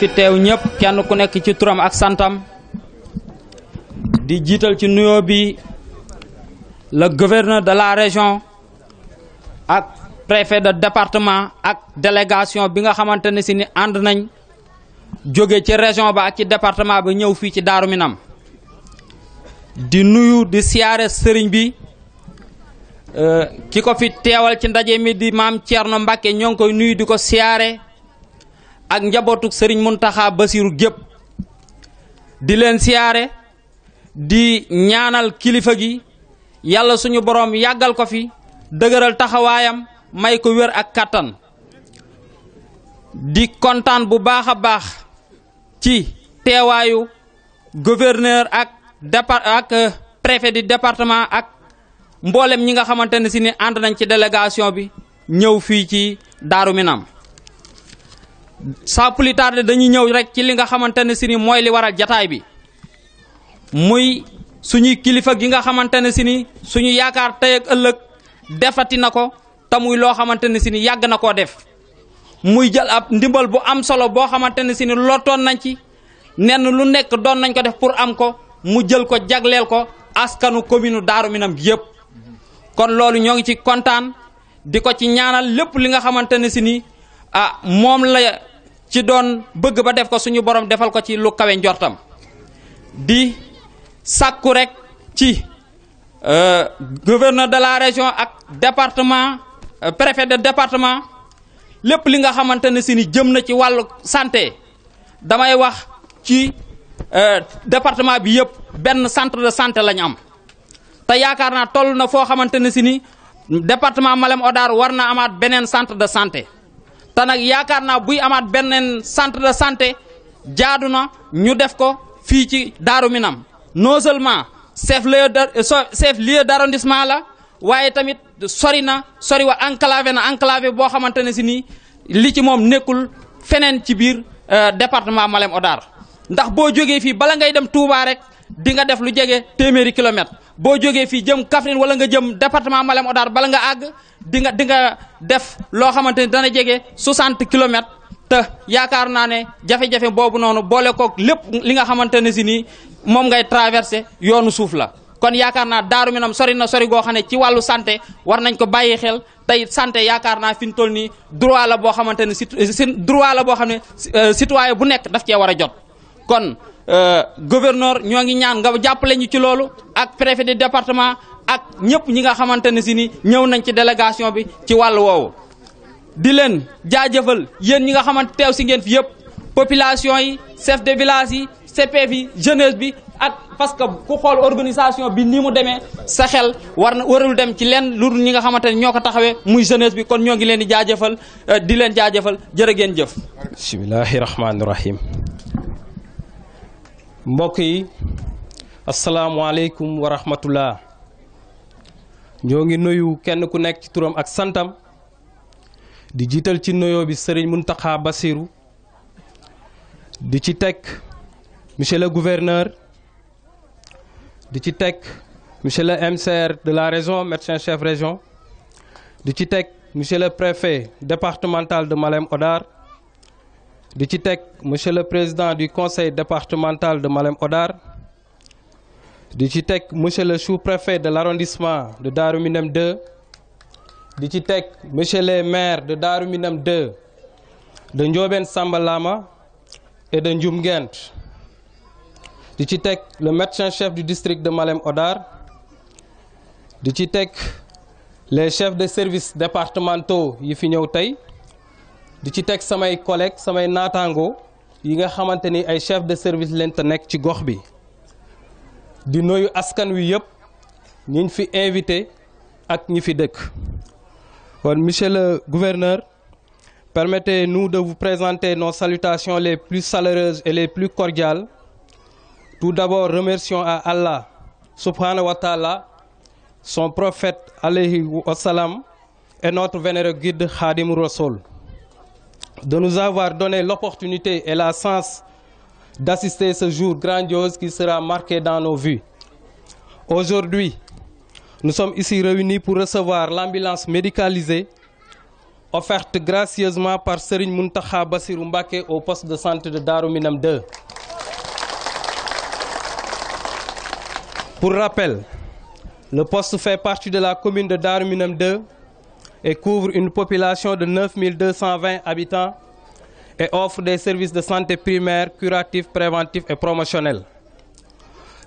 fi teew ñépp kenn ku nekk ci turam ak santam di jiital ci nuyoo bi le gouverneur de la région ak préfet de département ak délégation bi nga xamante ne si ni ànd nañ jóge ci région ba ak ci département bi ñëw fii ci Daaru Minam di nuyu di siyaare sëriñ bi euh, ki ko fi teewal ci ndaje mi di maam Thierno Mbacke ñoo koy nuyu di ko siyaare ak njabootuk sëriñ Muntaxa Basiru gépp di leen siyaare di ñaanal kilifa gi yàlla suñu boroom yàggal ko fi dëgëral taxawaayam may ko wér ak kàttan di kontaan bu baax a baax ci teewaayu gouverneur ak départ ak euh, préfet du département ak mboolem ñi nga xamante ne si ni ànd nañ ci délégation bi ñëw fii ci Daaru Minam saa plus tard dañuy ñëw rek ci li nga xamante ne si ni mooy li waral jataay bi muy suñuy kilifa gi nga xamante ne si ni suñu yaakaar tey ak ëllëg defati na ko te muy loo xamante ne si ni yàgg na koo def muy jël ab ndimbal bu am solo boo xamante ne si ni lottoon nañ ci nenn lu nekk doon nañ ko def pour am ko mu jël ko jagleel ko askanu commune Daaru Minam gi yëpp kon loolu ñoo ngi ci kontaan di ko ci ñaanal lépp li nga xamante ne si ni ah moom la ci doon bëgg ba def ko suñu borom defal ko ci lu kawe njortam di sàkku rek ci euh, gouverneur de la région ak département euh, préfet de département lépp li nga xamante ne si ni jëm na ci wàllu santé damay wax ci euh, département bi yëpp benn centre de santé la ñu am te yaakaar naa toll na foo xamante ne si ni département Malem Hodar war na amaat beneen centre de santé te nag yaakaar naa buy amaat benn centre de santé jaadu na ñu def ko fii ci Daaru Minam non seulement chef lieu euh, chef lieu d'arrondissement la waaye tamit sori na sori wa enclavé na enclavé boo xamante ne si nii li ci moom nekkul feneen ci biir euh, département Malem Hodar ndax boo jógee fii bala ngay dem Touba rek di nga def lu jege téeméeri kilomètre boo jógee fii jëm Kaffrine wala nga jëm département Malem Hodar bala nga àgg di nga di def loo xamante ni dana jege 60 kilomètres te yaakaar naa ne jafe-jafe boobu noonu boole kook lépp li nga xamante ne si nii moom ngay traversé yoonu suuf la. kon yaakaar naa Daaru Minam sori na sori goo xam ne ci wàllu sante war nañ ko bàyyi xel tey sante yaakaar naa fi ñu toll nii droit la boo xamante ne si droit la boo xam ne euh, citoyen bu nekk daf cee war a jot Euh, gouverneur ñoo ngi ñaan nga jàpp ñu ci loolu ak préfet de département ak ñëpp ñi nga xamante ne si ni ñëw nañ ci délégation bi ci wàll woowu. di leen jaajëfal yéen ñi nga xamante teew si ngeen fi yëpp population yi chef de village yi CPF yi jeunesse bi ak parce que ku xool organisation bi ni mu demee sa xel war warul dem ci leen lu ñi nga xamante ne ñoo ko taxawee muy jeunesse bi kon ñoo ngi leen di jaajëfal euh, di leen jaajëfal jërë ngeen jëf. bismillahi rahmaani rahim. mbokk yi asalaamualeykum wa rahmatullah ñoo ngi nuyu kenn ku nekk ci turam ak santam di jiital ci nuyoo bi sëriñ Muntaxa Basiru di ci teg monsieur le gouverneur di ci teg monsieur le MCR de la région médecin chef région di ci teg monsieur le préfet départemental de Malem Hodar di ci teg monsieur le président du conseil départemental de Malem odar di ci teg monsieur le sous-préfet de l'arrondissement de Darou Minam 2 di ci teg monsieur les maires de Darou Minam 2 de Ndiobène Samba Lama et de Ndioum Nguent di ci teg le médecin chef du district de Malem Hodar di ci teg les chef de services départementaux yi fi ñëw tey di ci teg samay collègue samay naataango yi nga xamante ni ay chef de service leen te nekk ci gox bi di nuyu askan wi yëpp ñiñ fi invité ak ñi fi dëkk kon monsieur le gouverneur permettez-nous de vous présenter nos salutations les plus chaleureuses et les plus cordiales tout d'abord remercions à Allah subhanahu wa son prophète alayhi wa salam et notre vénéré guide Khadim Rassoul de nous avoir donné l'opportunité et la chance d'assister ce jour grandiose qui sera marqué dans nos vues. Aujourd'hui, nous sommes ici réunis pour recevoir l'ambulance médicalisée offerte gracieusement par Serigne Muntaha Bassirou Mbacké au poste de santé de Darou Minam Pour rappel, le poste fait partie de la commune de Darou Minam et couvre une population de 9220 habitants et offre des services de santé primaire, curatifs, préventifs et promotionnels.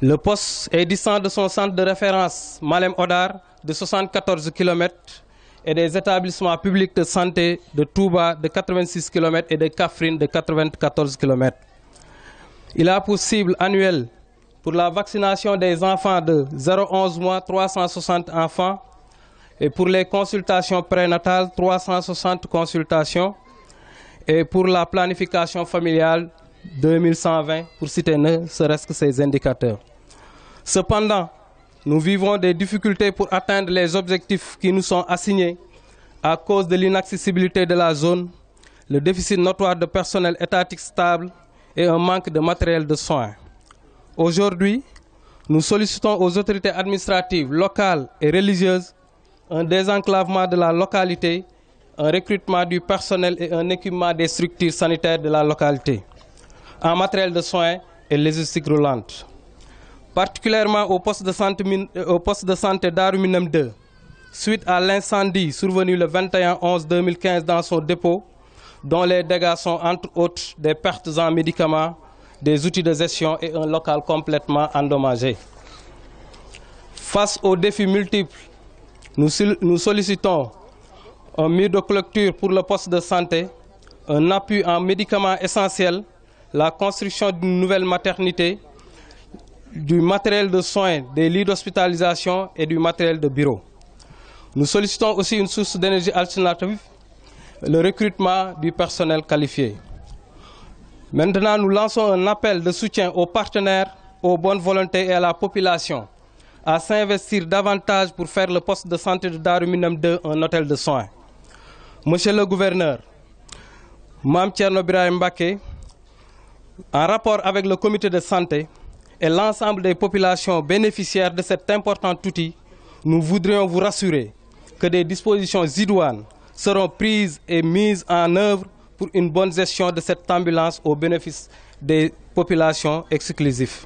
Le poste est distant de son centre de référence, Malem Odar, de 74 km et des établissements publics de santé de Touba de 86 km et de Kafrine de 94 km. Il a pour cible pour la vaccination des enfants de 0 11 mois 360 enfants Et pour les consultations prénatales, 360 consultations. Et pour la planification familiale, 2120, pour citer ne serait-ce que ces indicateurs. Cependant, nous vivons des difficultés pour atteindre les objectifs qui nous sont assignés à cause de l'inaccessibilité de la zone, le déficit notoire de personnel étatique stable et un manque de matériel de soins. Aujourd'hui, nous sollicitons aux autorités administratives locales et religieuses un désenclavement de la localité, un recrutement du personnel et un équipement des structures sanitaires de la localité en matériel de soins et logistique roulante. Particulièrement au poste de santé, euh, au poste de santé d'Aruminum 2, suite à l'incendie survenu le 21-11-2015 dans son dépôt, dont les dégâts sont entre autres des pertes en médicament des outils de gestion et un local complètement endommagé. Face aux défis multiples Nous, nous sollicitons un mur de clôture pour le poste de santé, un appui en médicaments essentiels, la construction d'une nouvelle maternité, du matériel de soins, des lits d'hospitalisation et du matériel de bureau. Nous sollicitons aussi une source d'énergie alternative, le recrutement du personnel qualifié. Maintenant, nous lançons un appel de soutien aux partenaires, aux bonnes volontés et à la population à s'investir davantage pour faire le poste de santé de Darou Minam 2 un hôtel de soins. Monsieur le gouverneur, Mam Tcherno brahim Mbake, en rapport avec le comité de santé et l'ensemble des populations bénéficiaires de cet important outil, nous voudrions vous rassurer que des dispositions idoines seront prises et mises en œuvre pour une bonne gestion de cette ambulance au bénéfice des populations exclusives.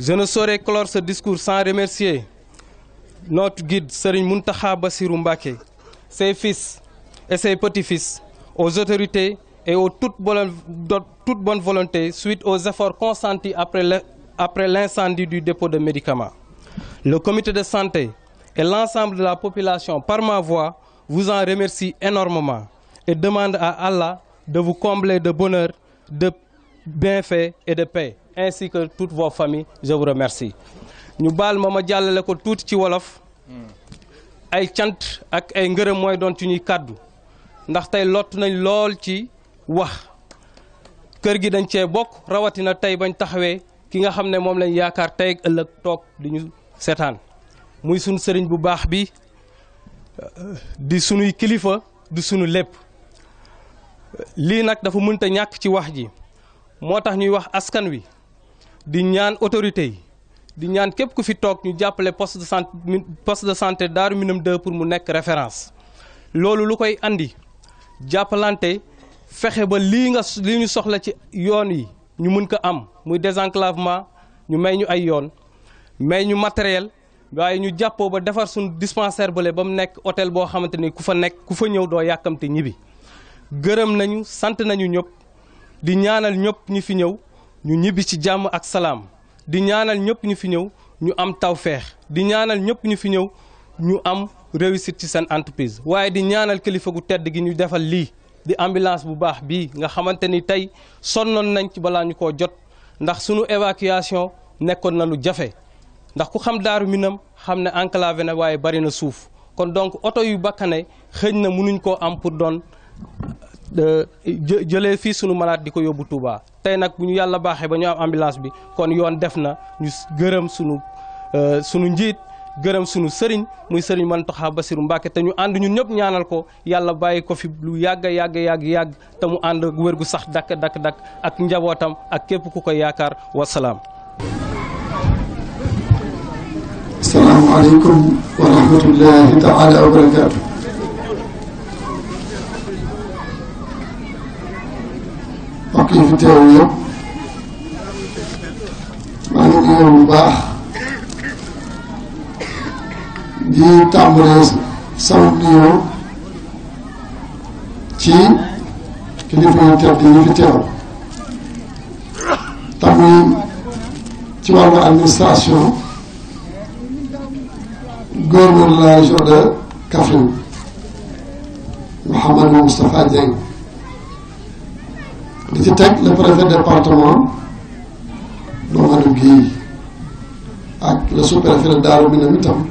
Je ne saurais clore ce discours sans remercier notre guide Serigne Muntaha Bassirou Mbaké, ses fils et ses petits-fils, aux autorités et aux toute bonne, toute bonne volonté suite aux efforts consentis après l'incendie du dépôt de médicament Le comité de santé et l'ensemble de la population, par ma voix, vous en remercie énormément et demande à Allah de vous combler de bonheur, de bienfaits et de paix. ainsi que toutes vos familles je ñu baal ma ma jàllale ko tuuti ci wolof hmm. ay cant ak ay ngërëm mooy doon ci ñuy kàddu ndax tey lott nañ lool ci wax kër gi dañ cee bokk rawatina tey bañ taxawee ki nga xam ne moom lañ yaakaar tey ëllëg toog di ñu seetaan muy sunu sëriñ bu baax bi di sunuy kilifa di sunu lépp lii nag dafa mënta ñàkk ci wax ji moo tax ñuy wax askan wi di ñaan autorité yi di ñaan képp ku fi toog ñu jàppale poste de santé poste de santé Darou Minam 2 pour mu nekk référence loolu lu koy andi jàppalante fexe ba lii nga lii ñu soxla ci yoon yi ñu mën ko am muy désenclavement ñu may ñu ay yoon may ñu matériel waaye ñu jàppoo ba defar suñu dispensaire bële ba mu nekk otel boo xamante ni ku fa nekk ku fa ñëw doo yàkkamte ñibbi gërëm nañu sant nañu ñëpp di ñaanal ñëpp ñi fi ñëw ñu ñibbi ci jàmm ak salaam di ñaanal ñëpp ñu fi ñëw ñu am tawféex di ñaanal ñëpp ñu fi ñëw ñu am réussite ci seen entreprise waaye di ñaanal kilifa gu tedd gi ñu defal lii di ambulance bu baax bii nga xamante ni tey sonnoon nañ ci balaa ñu koo jot ndax sunu évacuation nekkoon na lu jafe ndax ku xam daaru minam xam ne enclavé na waaye bari na suuf kon donc oto yu bakkane xëñ na mënuñ koo am pour doon euh, jëlee fii sunu malaat di ko yóbbu tuubaa tey nag bu ñu yàlla baaxee ba ñu am ambulance bi kon yoon def na ñu gërëm sunu euh, sunu njiit gërëm sunu sëriñ muy sëriñ Mountakha Bassirou Mbacké te ñu ànd ñun ñëpp ñaanal ko yàlla bàyyi ko fi lu yàgg yàgg yàgg yàgg te mu ànd ak wér gu sax dakk dakk dakk ak njabootam ak képp ku ko yaakaar wasalaam. salaamaaleykum wa rahmatullahi taala wa barakaatu. mbokk yi fi teewu yëpp maa ngi gërëm baax di tàmbalee sama nuyoo ci kilifa yu tedd yi fi teew tamit ci wàllu administration gouverneur de la région de Kaffrine Mouhamadou Moustapha Dieng di ci teg le préfet département doomu Adam Guèye ak le sous-préfet de Darou Minam itam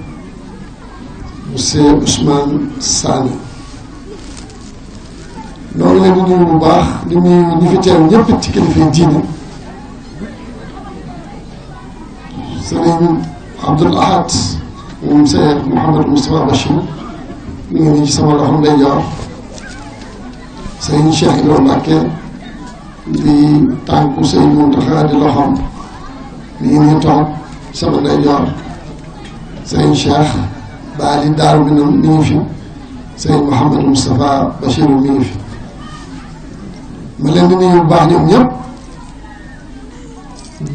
monsieur Ousmane Sané noonu la ñu nuyu bu baax di nuyu ñi fi teew ñëpp ci kilifa diine sëriñ Abdoul Ahad moom Cheikh Mouhamadou Moustapha Bachir ñu ngi ci sama loxo ndeyjoor sëriñ Cheikh Ibrahima Mbacké lii tànku sëñ Muntaxa di loxoom lii muy toog sama ndeyjoor sëñ Cheikh Baali Daaru Minam mi ngi fi sëñ Mouhamadou Moustapha Bachirou mi ngi fi ma leen di nuyu baax ñoom ñëpp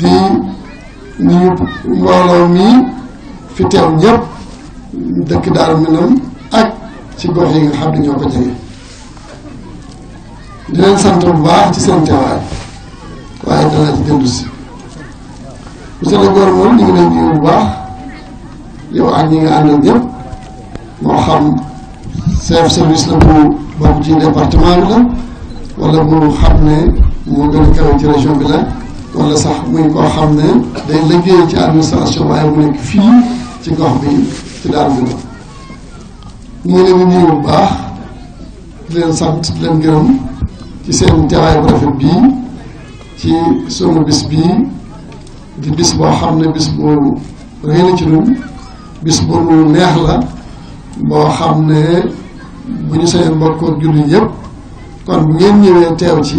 di nuyu mbooloo mii fi teew ñëpp dëkk Daaru Minam ak ci gox yi nga xam ne ñoo ko jege di leen sant bu baax ci seen teewaay waaye danaa ci dellu si monsieur le maire moom ñu ngi leen nuyu bu baax yow ak ñi nga àndal ñëpp moo xam chef service la bu bokk ci département bi la wala bu xam ne moo gën a kawe ci région bi la wala sax muy koo xam ne day liggéey ci administration waaye mu nekk fii ci gox bi ci daal bi la ñu ngi leen di bu baax di leen sant di leen gërëm. ci seen jaraay bu rafet bii ci sunu bis bii di bis boo xam ne bis bu rëy na ci ñun bis bu neex la boo xam ne bu ñu sañoon mbokkook jullit yëpp kon bu ngeen ñëwee teew ci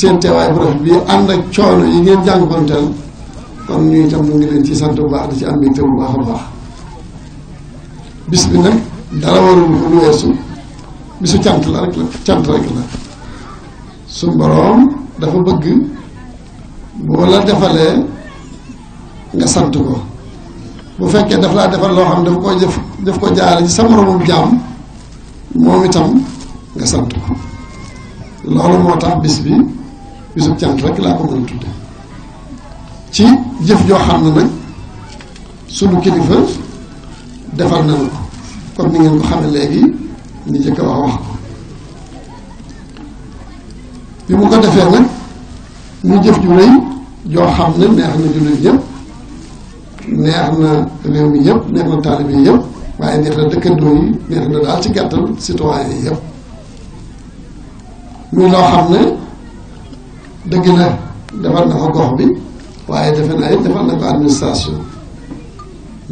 seen teewaay bu rafet bii ànd ak coono yi ngeen jànkonteel kon ñu itam mu ngi leen ci sant bu baax di ci am mbégte bu baax a baax bis bi nag dara warul ko lu weesu bisu cant la rek la cant rek la su boroom dafa bëgg boo la defalee nga sant ko bu fekkee daf laa defal loo xam dafa ko def daf ko jaare ci sa moroomum jaam moom itam nga sant ko loolu moo tax bis bi bisub cant rek laa ko mën a ci jëf joo xam ne nag sunu kilifa defal nañu ko comme ni ngeen ko xamee léegi ni jëkk a wax wax bi mu ko defee nag mu jëf ju rëy joo xam ne neex na jullit yëpp neex na réew mi yëpp neex na taalibe yi waaye neex na dëkkandoo yi neex na daal ci gàttal citoyen yi yëpp muy loo xam ne dëgg na defar na ko gox bi waaye defe naa it defar na ko administration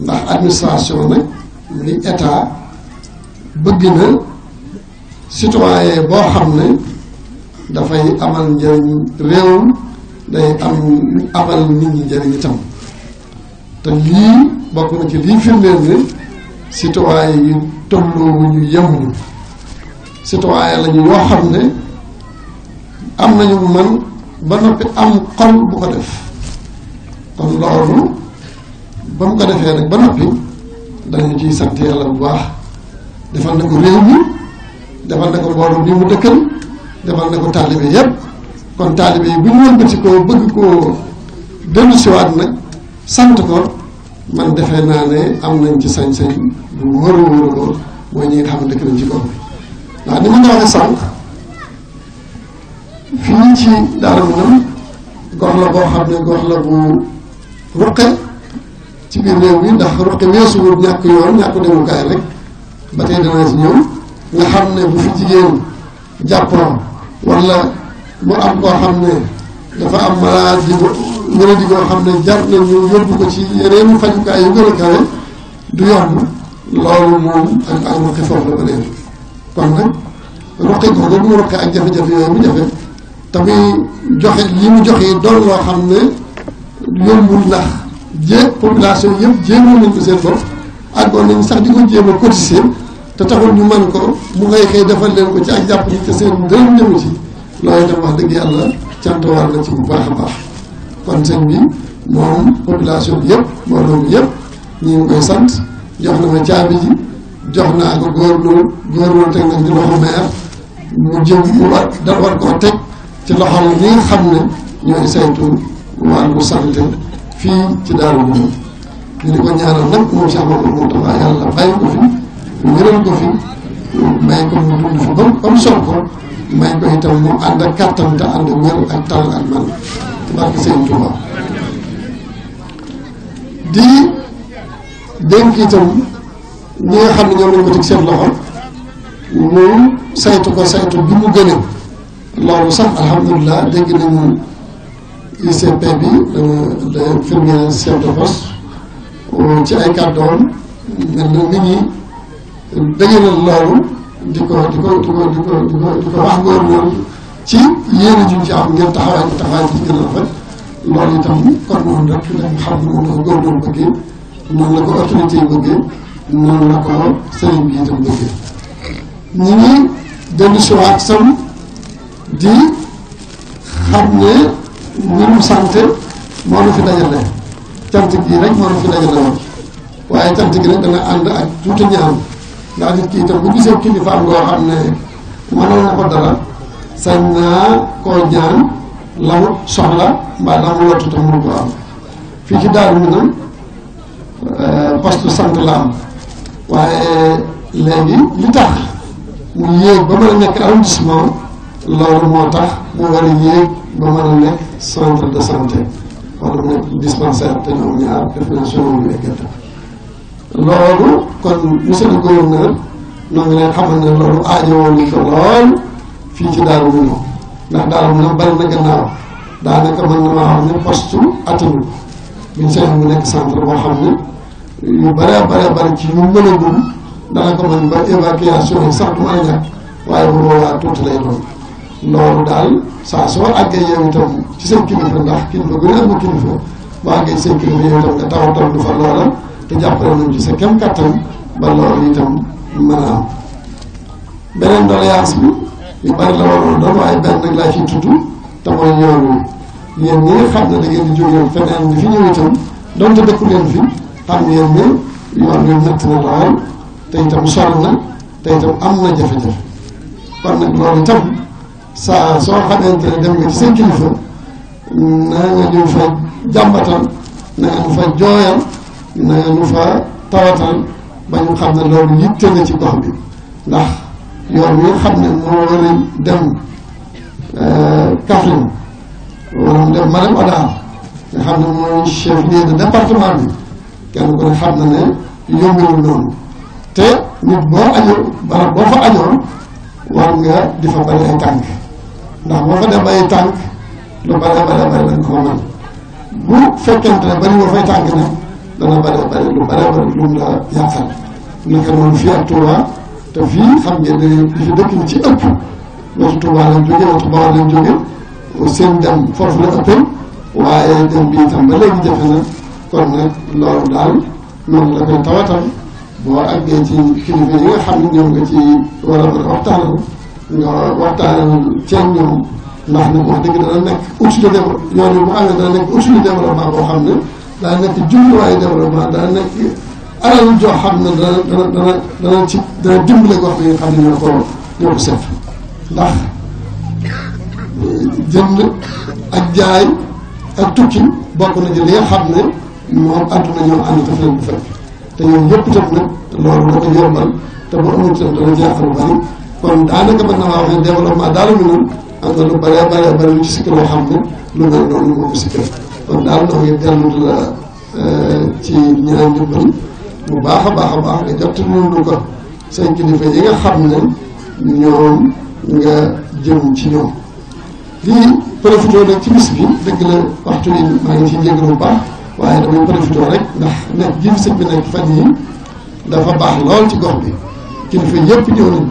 ndax administration nag li état bëgg na citoyen boo xam ne dafay amal njëriñ réewam day am amal nit ñi njëriñ itam te lii bokk na ci lii firndeel ne citoyen yi tolloowuñu yemuñu citoyen lañu yoo xam ne am nañu man ba noppi am xol bu ko def kon loolu ba mu ko defee rek ba noppi dañu ciy sant yàlla bu baax defal na ko réew mi defal na ko borom bi mu dëkkal demal na ko taalibe yépp kon taalibe yi bu ñu wëlbati koo bëgg koo dellu siwaat nag sant ko man defee naa ne am nañ ci sañ-sañ bu wóor a wóor mooy ñi nga xam ne nañ ci gox bi waaw ni ma nga waxee sànq fii ci Daaru Minam gox la boo xam ne bu yoon ñàkk demukaay rek ba tey danaa ci ñëw nga xam ne fi jigéen jàppoo wala mu am koo xam ne dafa am maladie bu di koo xam ne jar na ñu yóbbu ko ci yeneen fajukaay yu gën a kawe du yomb loolu moom ak ak ruqi foofu la ko dee kon nag ruqi googu mu ruqi ak jafe-jafe yooyu mu jafe te muy joxe li mu joxe doon loo xam ne yombul ndax jéeg population yëpp jéemoon nañ ko seen bopp àggoon nañ sax di ko jéem a cotiser te taxul ñu man ko mu ngay xëy defal leen ko ci ak jàpp ni te seen dërëm ñëwu ci loolu itam wax dëgg yàlla cant war la ci bu baax a baax kon sëñ bi moom population bi yëpp mbooloo mi yëpp ñu ngi koy sant jox na ma caabi ji ko góorlu góorlu teg nag di loxo meer mu mu war da war koo teg ci xam ne ñooy saytu wàllu santé fii ci Darou Mouhty ñu di ko ñaanal nag moom Cheikh Mamadou Moustapha yàlla bàyyi ko fi wéral ko fi may ko mu dund fa ba mu soog ko may ko itam mu ànd ak kàttan te ànd ak wér ak tal ak man barke di dénk itam ñi nga xam ne ñoom lañ ko teg seen loxo mu saytu ko saytu bi mu gënee loolu sax alhamdulilah dégg nañu ICP bi le premier chef de poste ci ay kàddoom nit ñi dajaleen loolu di ko di ko di ko di ko di ko di ko wax góor ñoom ci yéen juñ ci am ngeen taxawaay taxawaay gën a rafet loolu itam kon moom moom la góor ñoom ko autorité bëggee noonu la ko sëriñ bi itam bëggee ñu ngi dellu si waat sam di xam ne mbirum santé moo nu fi dajale cant gi rek moo nu fi dajale woon waaye cant gi rek dana ànd ak tuuti ñaan ndax xam ne mënal na ko dara sañ naa koo ñaan la mu soxla mbaa la mu wattu te mun ko am fii ci Daaru Minam euh, poste sant la am waaye léegi li tax mu yéeg ba mën a nekk arrondissement loolu moo tax mu war a yéeg ba mën a nekk centre de santé wala mu nekk dispensaire te ñoom ñaar def nañ solo mu loolu kon monsieur le gouverneur ñoo ngi leen xamal ne loolu aajo woon na ko lool fii ci Darou Minam ndax Darou Minam bari na gannaaw daanaka mën na maa xam ne poste attanul buñ seen mu nekk centre boo xam ne yu bare bare bare ci yu mën a gum dana ko mën ba évacuation yi sax du mën a ñàkk waaye bu boobaa tuuti lay doon loolu daal saa soo àggee yow itam ci seen kilifa ndax kilifa gën a am kilifa boo àggee ci seen kilifa yow itam nga taxaw tam du fa te jàppale nañ ci sa kem kattan ba loolu itam mën a am beneen doléance bi yu bari la waroon doon waaye benn nag laa ciy tudd te mooy yoon wi yéen da ngeen di jógee feneen di fi ñëw itam donte dëkku leen fi xam ngeen ne yoon wi métti na lool te itam sori na te itam am na jafe-jafe kon nag loolu itam saa soo xamante ne dem nga ci seen kilifa na nga ñu fa jàmbatal na nga ñu fa jooyal dina lu fa tawatal ba ñu xam ne loolu yitte na ci gox bi ndax yoon wi xam ne moo war a dem euh, Kaffrine wala mu dem Malem Hodar nga xam ne mooy chef lieu de département bi kenn ku ne xam na ne yombewul loolu te nit boo añoo barab boo fa añoon war nga di fa bari ay tànk ndax boo fa dem ay tànk lu bare bare bare dañ ko mën bu fekkente ne bari fay tànk nag dana bare bare lu bare bare lu mu la yaasal naka noonu fii ak Touba te fii xam ngeen ne li fi dëkk ñi ci ëpp ñoom Touba lañ jógee wala Touba lañ jógee seen dem foofu la ëppee waaye dem bi itam ba léegi jafe na kon nag loolu daal noonu la koy tawatam boo àggee ci kilifa yi nga xam ne ñoom nga ci war a mën a waxtaanal nga waxtaanal ceeb ñoom ndax nag wax dëgg dana nekk outil de développement yoon yi mu amee dana nekk outil de développement boo xam ne. daa nekk jumtuwaayu développement daa nekk alal joo xam ne dana dana dana dana ci dana dimbale gox xam ne ñoo ko ñoo eh, ak jaay ak tukki bokk na ci xam ne moom àdduna ñoom ànd daf leen bu fekk te ñoom yëpp itam nag loolu la ko yombal te bu amul itam dana jaaxal lu bari kon daanaka mën na maa wax ne développement daal la ñu am na lu bëree bëree bëri lu ci sikk loo xam ne lu mel noonu moo ko sikkal kon daal am nga jàll la euh, ci ñi leen tuddal bu baax a baax a baax nga jot lu ko seen kilifa yi nga xam ne ñoom nga jëm ci ñoom lii profité nag ci bis bi dëgg la waxtu yi maa ngi ciy jégalu bu baax waaye damay profité rek ndax nekk gii sëñ bi nekk fan yi dafa baax lool ci gox bi kilifa yëpp ñëw nañ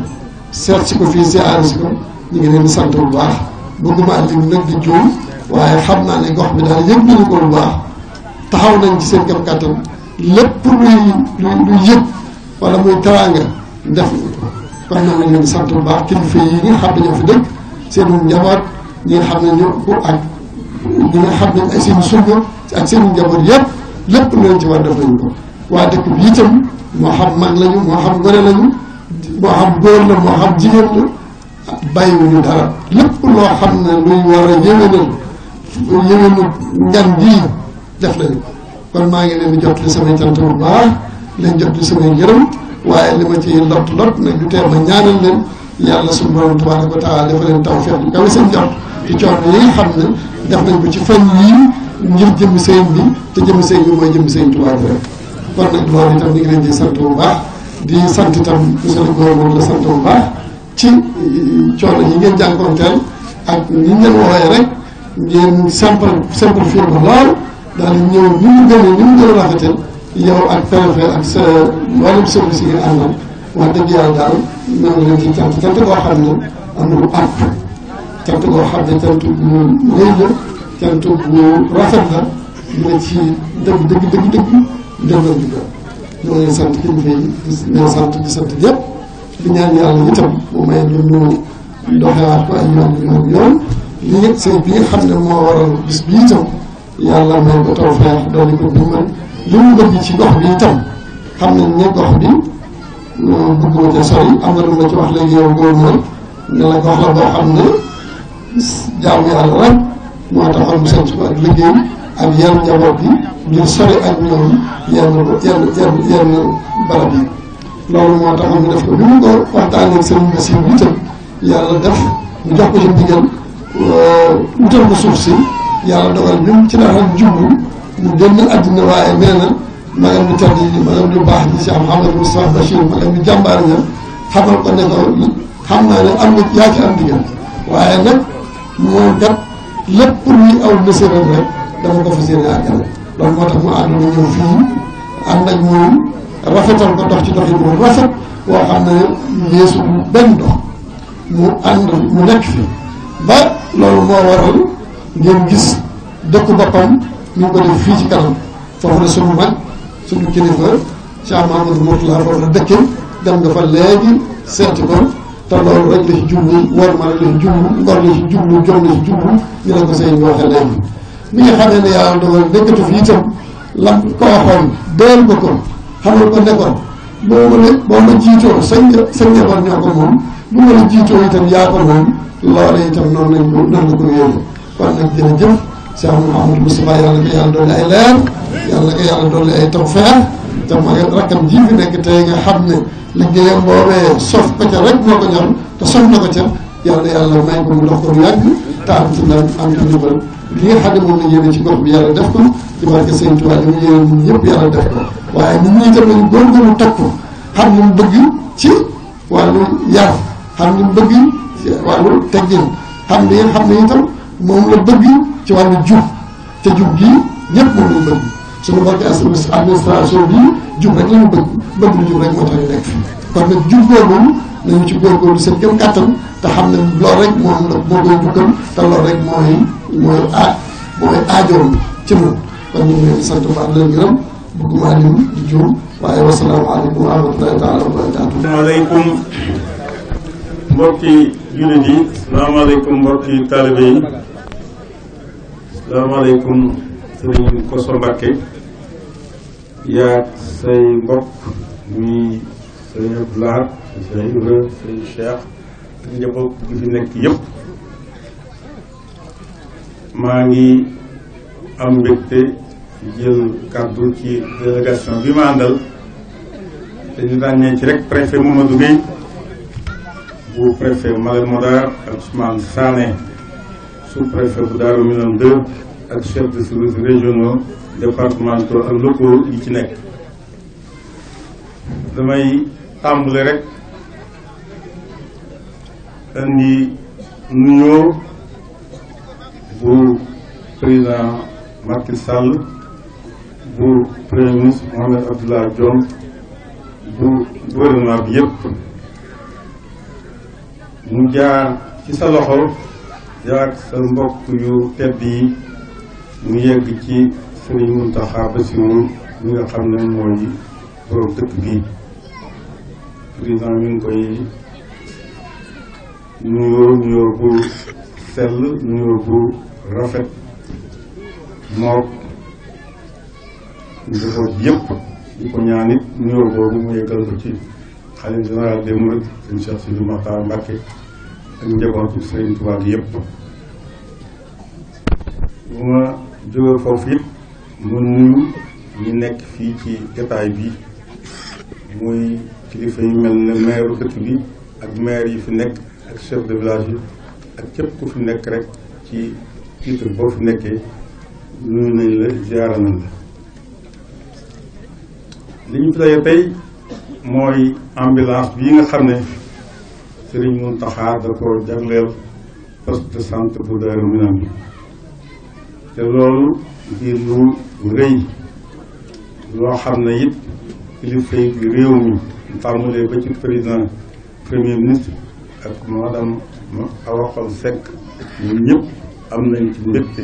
seet si ko fii si si ko ñu ngi leen di sant bu baax bëgguma lim nag di juum waaye xam naa ne gox bi daal yëg nañu ko lu baax taxaw nañ ci seen kam kàttan lépp luy luy yëg wala muy teraanga def wax naa ne leen sant bu baax kilifa yi nga xam ne ñoo fi dëkk seen njaboot xam ne ñu ak ñi nga xam ne ay seen surga ak seen njaboot yëpp lépp lu leen ci war def nañu ko waa dëkk bi itam moo xam mag lañu moo xam gone lañu moo xam góor la moo xam jigéen la ñu dara lëpp loo xam ne luy war a yéwénal yëwénu ngan bii def nañu kon maa ngi leen di jot li samay cant bu baax leen jot li samay ngërëm waaye li ma ci lot lot nag du tee ma ñaanal leen yàlla suñu borom tabaraka seen jot ci coono nañ ko ci fan yii ngir jëmm sëñ bi te jëmm sëñ bi mooy jëmm seen Tuubaa bi rek kon nag loolu itam ñu ngi leen di sant bu baax di sant itam monsieur le gouverneur la sant bu baax ci coono yi ngeen jànkonteel ak ñi ngeen woowee rek ngeen simple simplifié ko lool daal di ñëw gën ni mu a yow ak préfet ak sa wàllum service yi ngeen àndal wax yàlla daal ñoo a leen ci cant cant koo xam ne am na lu àpp cant koo xam ne cant bu rëy la bu rafet la dina ci dëgg dëgg dëgg dëgg dëggal di ko ñoo ngi leen sant kilifa yi di leen sant di sant li sëñ bi nga xam ne moo waral bis bi itam yàlla may ko taw feex dooli ko bi man li mu bëgg ci gox bi itam xam nañ ne gox bi bëgguma ca sori am na lu ma ci wax léegi yow góor na la gox la boo xam ne jaamu yàlla rek moo taxoon mu sant ko ak liggéey ak yar njaboot bi loolu moo taxoon mu def ko bi mu ko waxtaanee ak sëriñ Basiir bi itam yàlla def mu jox ko ci ndigal wutal ko suuf si yàlla dogal bi mu ci daaxal jublu mu génn àddina waaye nee na magam bu tedd yi magam bu baax ji Cheikh Mouhamadou Moustapha Bachir magam bu jàmbaar ña xamal a ne ko xam naa ne am na yaa ci am digal waaye nag moom kat lépp pour ñuy aw masiram rek dafa ko fas yéene moo tax mu ànd na ñëw fii ànd ak moom rafetal ko dox ci dox yi bu rafet woo xam ne yeesu benn dox mu ànd mu nekk fii ba loolu moo waral ngeen gis dëkku boppam ñu ko def fii ci kanam foofu la suñu mag suñu kilifa Cheikh Mamadou Mourtala foofu la dëkke dem nga fa léegi seeti ko te loolu rek la ci jublu worma rek la ci jublu ngor la ci jublu jom la ci jublu ñu ne ko sëñ bi waxee léegi mi nga xamee dogal nekkatu fi itam lam ko waxoon deel nga ko xamal ko nekkoon boo ma ne boo ma jiitoo sañ sañ njaboot ñoo ko moom bu ma la jiitoo itam yaa ko moom loolee itam noonu lañ ko noonu la ko yóbbu kon nag jërëjëf Cheikh Mouhamadou Moustapha yàlla ko yàlla dolli ay leer yàlla ko yàlla dolli ay tawfeex te maga rakkam ji fi nekk tey nga xam ne liggéeyam boobee sof ko ca rek moo ko ñor te sof na ko ca yàlla yàlla may ko mu dox ko mu yàgg te am ci ndam am ci ndimbalam li nga xam ne moom la yéene ci gox bi yàlla def ko ci barke Sëñ def ko waaye nit ñi itam nañu góorgóorlu takku xam li mu bëgg ci wàllu yar xam li mu bëgg wàllu teggin xam bi xam ne itam moom la bëgg ci wàllu jub te jub gi ñëpp moom la bëgg suñu barke administration bi jub rek la ñu bëgg bëgg lu jub rek moo tax ñu nekk fii kon nag jub boobu nañu ci góorgóorlu seen jëm kàttan te xam ne loolu rek moom la moo koy bukkam te loolu rek mooy mooy a mooy aajoom ci moom kon ñu ngi leen di sant bu baax di leen gërëm bëgguma lim di juum waaye wasalaamaaleykum wa rahmatullahi taala wa barakatuh. asalaamaaleykum mbokki jullit yi salaamaaleykum mbokki taalibe yi salaamaaleykum sëriñ Koso Mbàkke yaag say mbokk muy sëriñ Abdoulaye sëriñ Ibra sëriñ Cheikh ak njaboot gi fi nekk yëpp maa ngi am mbégte jël kàddu ci délégation bi ma àndal te ñu ràññee ci rek préfet Mamadou Gueye bu préfet Malem Hodar ak Ousmane Sané sous-préfet bu Daaru Minam 2 ak chef de service régionaux départementaux ak locaux yi ci nekk damay tàmbale rek indi nuyoo bu président Macky Sall bu premier ministre Mohamed Abdoulaye Dione bu gouvernement bi yëpp mu jaar ci sa loxo yaag sa mbokk yu tedd yi mu yegg ci Sëriñ Muntaxa Basiru mi nga xam ne mooy borom dëkk bii président ñu ngi koy nuyoo nuyoo bu sell nuyoo bu rafet mook njaboot yëpp di ko ñaan it boobu mu yeggal ko ci xale général des mourides sëñ Cheikh Sidi Makhtar Mbacke ak njabootu Sëriñ Tuubaa gi yëpp bu ma jóge foofu it mu nuyu ñi nekk fii ci jataay bi muy kilifa yi mel ne maire dëkk bi ak maire yi fi nekk ak chef de village yi ak képp ku fi nekk rek ci titre boo fi nekkee nuyu nañ la ziara nañ li ñu fi tey mooy ambulance bii nga xam ne Serigne Mountakha da koo jagleel poste te loolu di lu rëy loo xam ne it kilifa yi réew mi tàmbalee ba ci président premier ministre ak madame Awa Xol Seck ñun ñëpp am nañ ci mbégte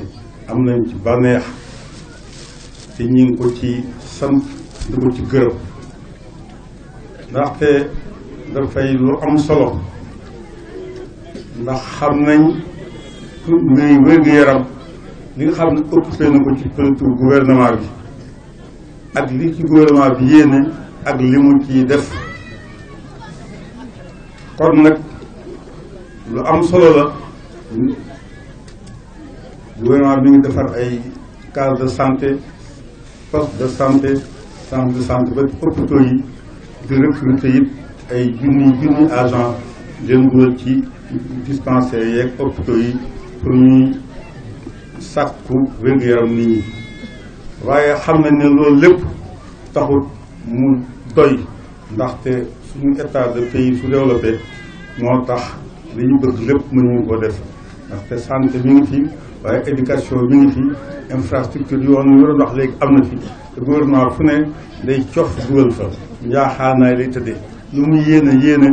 am nañ ci bànneex te ñu ko ci sant di ko ci gërëm ndaxte dafay lu am solo ndax xam nañ mbay wér-gu-yaram li nga xam ne ëpp na ko ci politique gouvernement bi ak li ci gouvernement bi yéene ak li mu ciy def kon nag lu am solo la gouvernement bi ngi defar ay case de santé poste de santé centre de santé ba hôpitaux yi di recruter it ay junni junni agent leen dugal ci dispensaires yeeg hôpitaux yi pour ñuy sàkku wér yaram nit ñi waaye xam nañ ne loolu lépp taxul mu doy ndaxte suñu état de pays su développé moo tax li ñu bëgg lépp mënuñu ko def ndaxte santé mi ngi fi waaye éducation mi ngi fi infrastructure yoon ñu doon wax léegi am na fi te gouvernement fu ne day cof dugal fa njaaxaanaay lay tëddee lu mu yéene yéene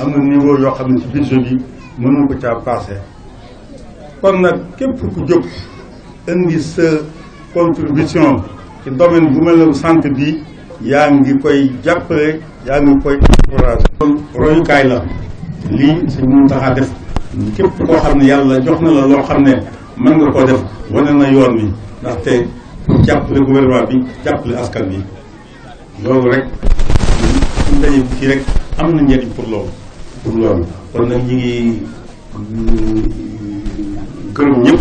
am na niveau yoo xam ne ci budget bi mënoo ko caa passé kon nag képp ku jóg indi sa contribution ci domaine bu mel ne bi yaa ngi koy jàppale yaa ngi koy encouragé royukaay la lii suñ mun taxaa def képp koo xam ne yàlla jox na la loo xam ne mën nga koo def wane na yoon wi ndaxte jàppale gouvernement bi jàppale askan bi loolu rek suñ daje fii rek am na njëriñ pour loolu pour loolu kon nag ñu ngi euh, gërëm ñëpp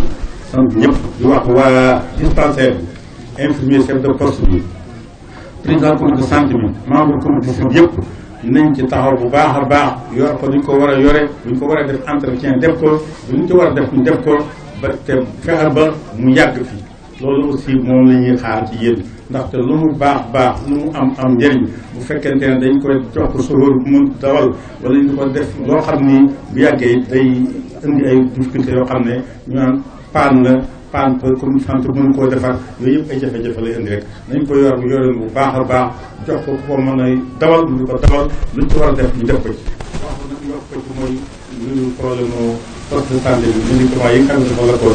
sant ñëpp wax waa dispensaire bi infirmier de poste bi président comité de santé bi membre comité bi nañ ci taxaw bu baax a baax yor ko duñ ko war a yore duñ ko war a def entretien def ko duñ ci war a def ñu def ko ba te fexe ba mu yàgg fi loolu aussi moom la ñuy xaar ci yéen ndaxte lu mu baax baax lu mu am am njëriñ bu fekkente ne dañ koy jox sofër bu mu dawal wala ñu ko def loo xam ni bu yàggee day indi ay difficulté yoo xam ne ñu naan paan la paan comme sant mënu koo defar yooyu yëpp ay jafe-jafe lay indi rek nañ ko yor yoreen bu baax a baax jox ko ko mën a dawal mu ko dawal luñ ci war a def ñu def ko ci ñun problème mu poste de santé bi médicament yi nga xam ne dafa la ko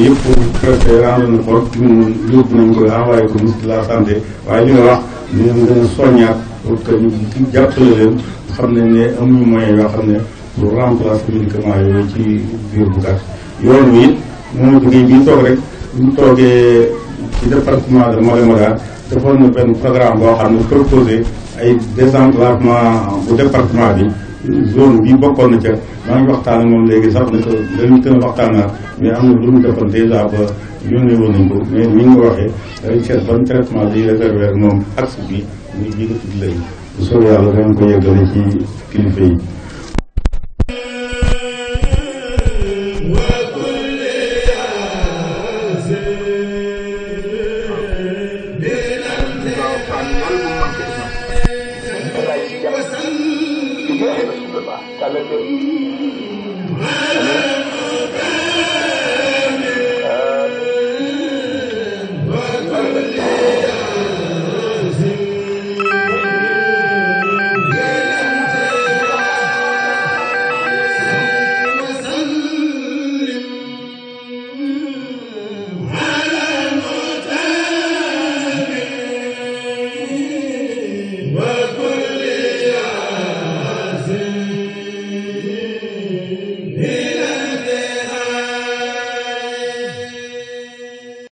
yëpp préfet rendu na ko ñun yóbbu nañ ko ah, envoyé ko ministre de la santé waaye ñu ne wax ñu leen gën a soññaat pour que ñu jàppale leen xam ne ne amuñu moyen yoo xam ne pour remplacer médicament yooyu ci biir bu gàtt yoon wi moom jógee bi ñu toog rek ñu toogee ci département de Malem Hodar defoon benn programme boo xam ne proposé ay désenclavement bu département bi zone bi bokkoon na ca maa ngi waxtaan ak moom léegi sax ne ko dañu gën a waxtaanaat mais am na lu mu defoon dèjà ba yónnee woon nañ ko mais ni nga waxee dañu seet ban traitement di réservé ak moom axe bi muy bii nga tudd léegi bu soobee yàlla danañ ko yeggale ci kilifa yi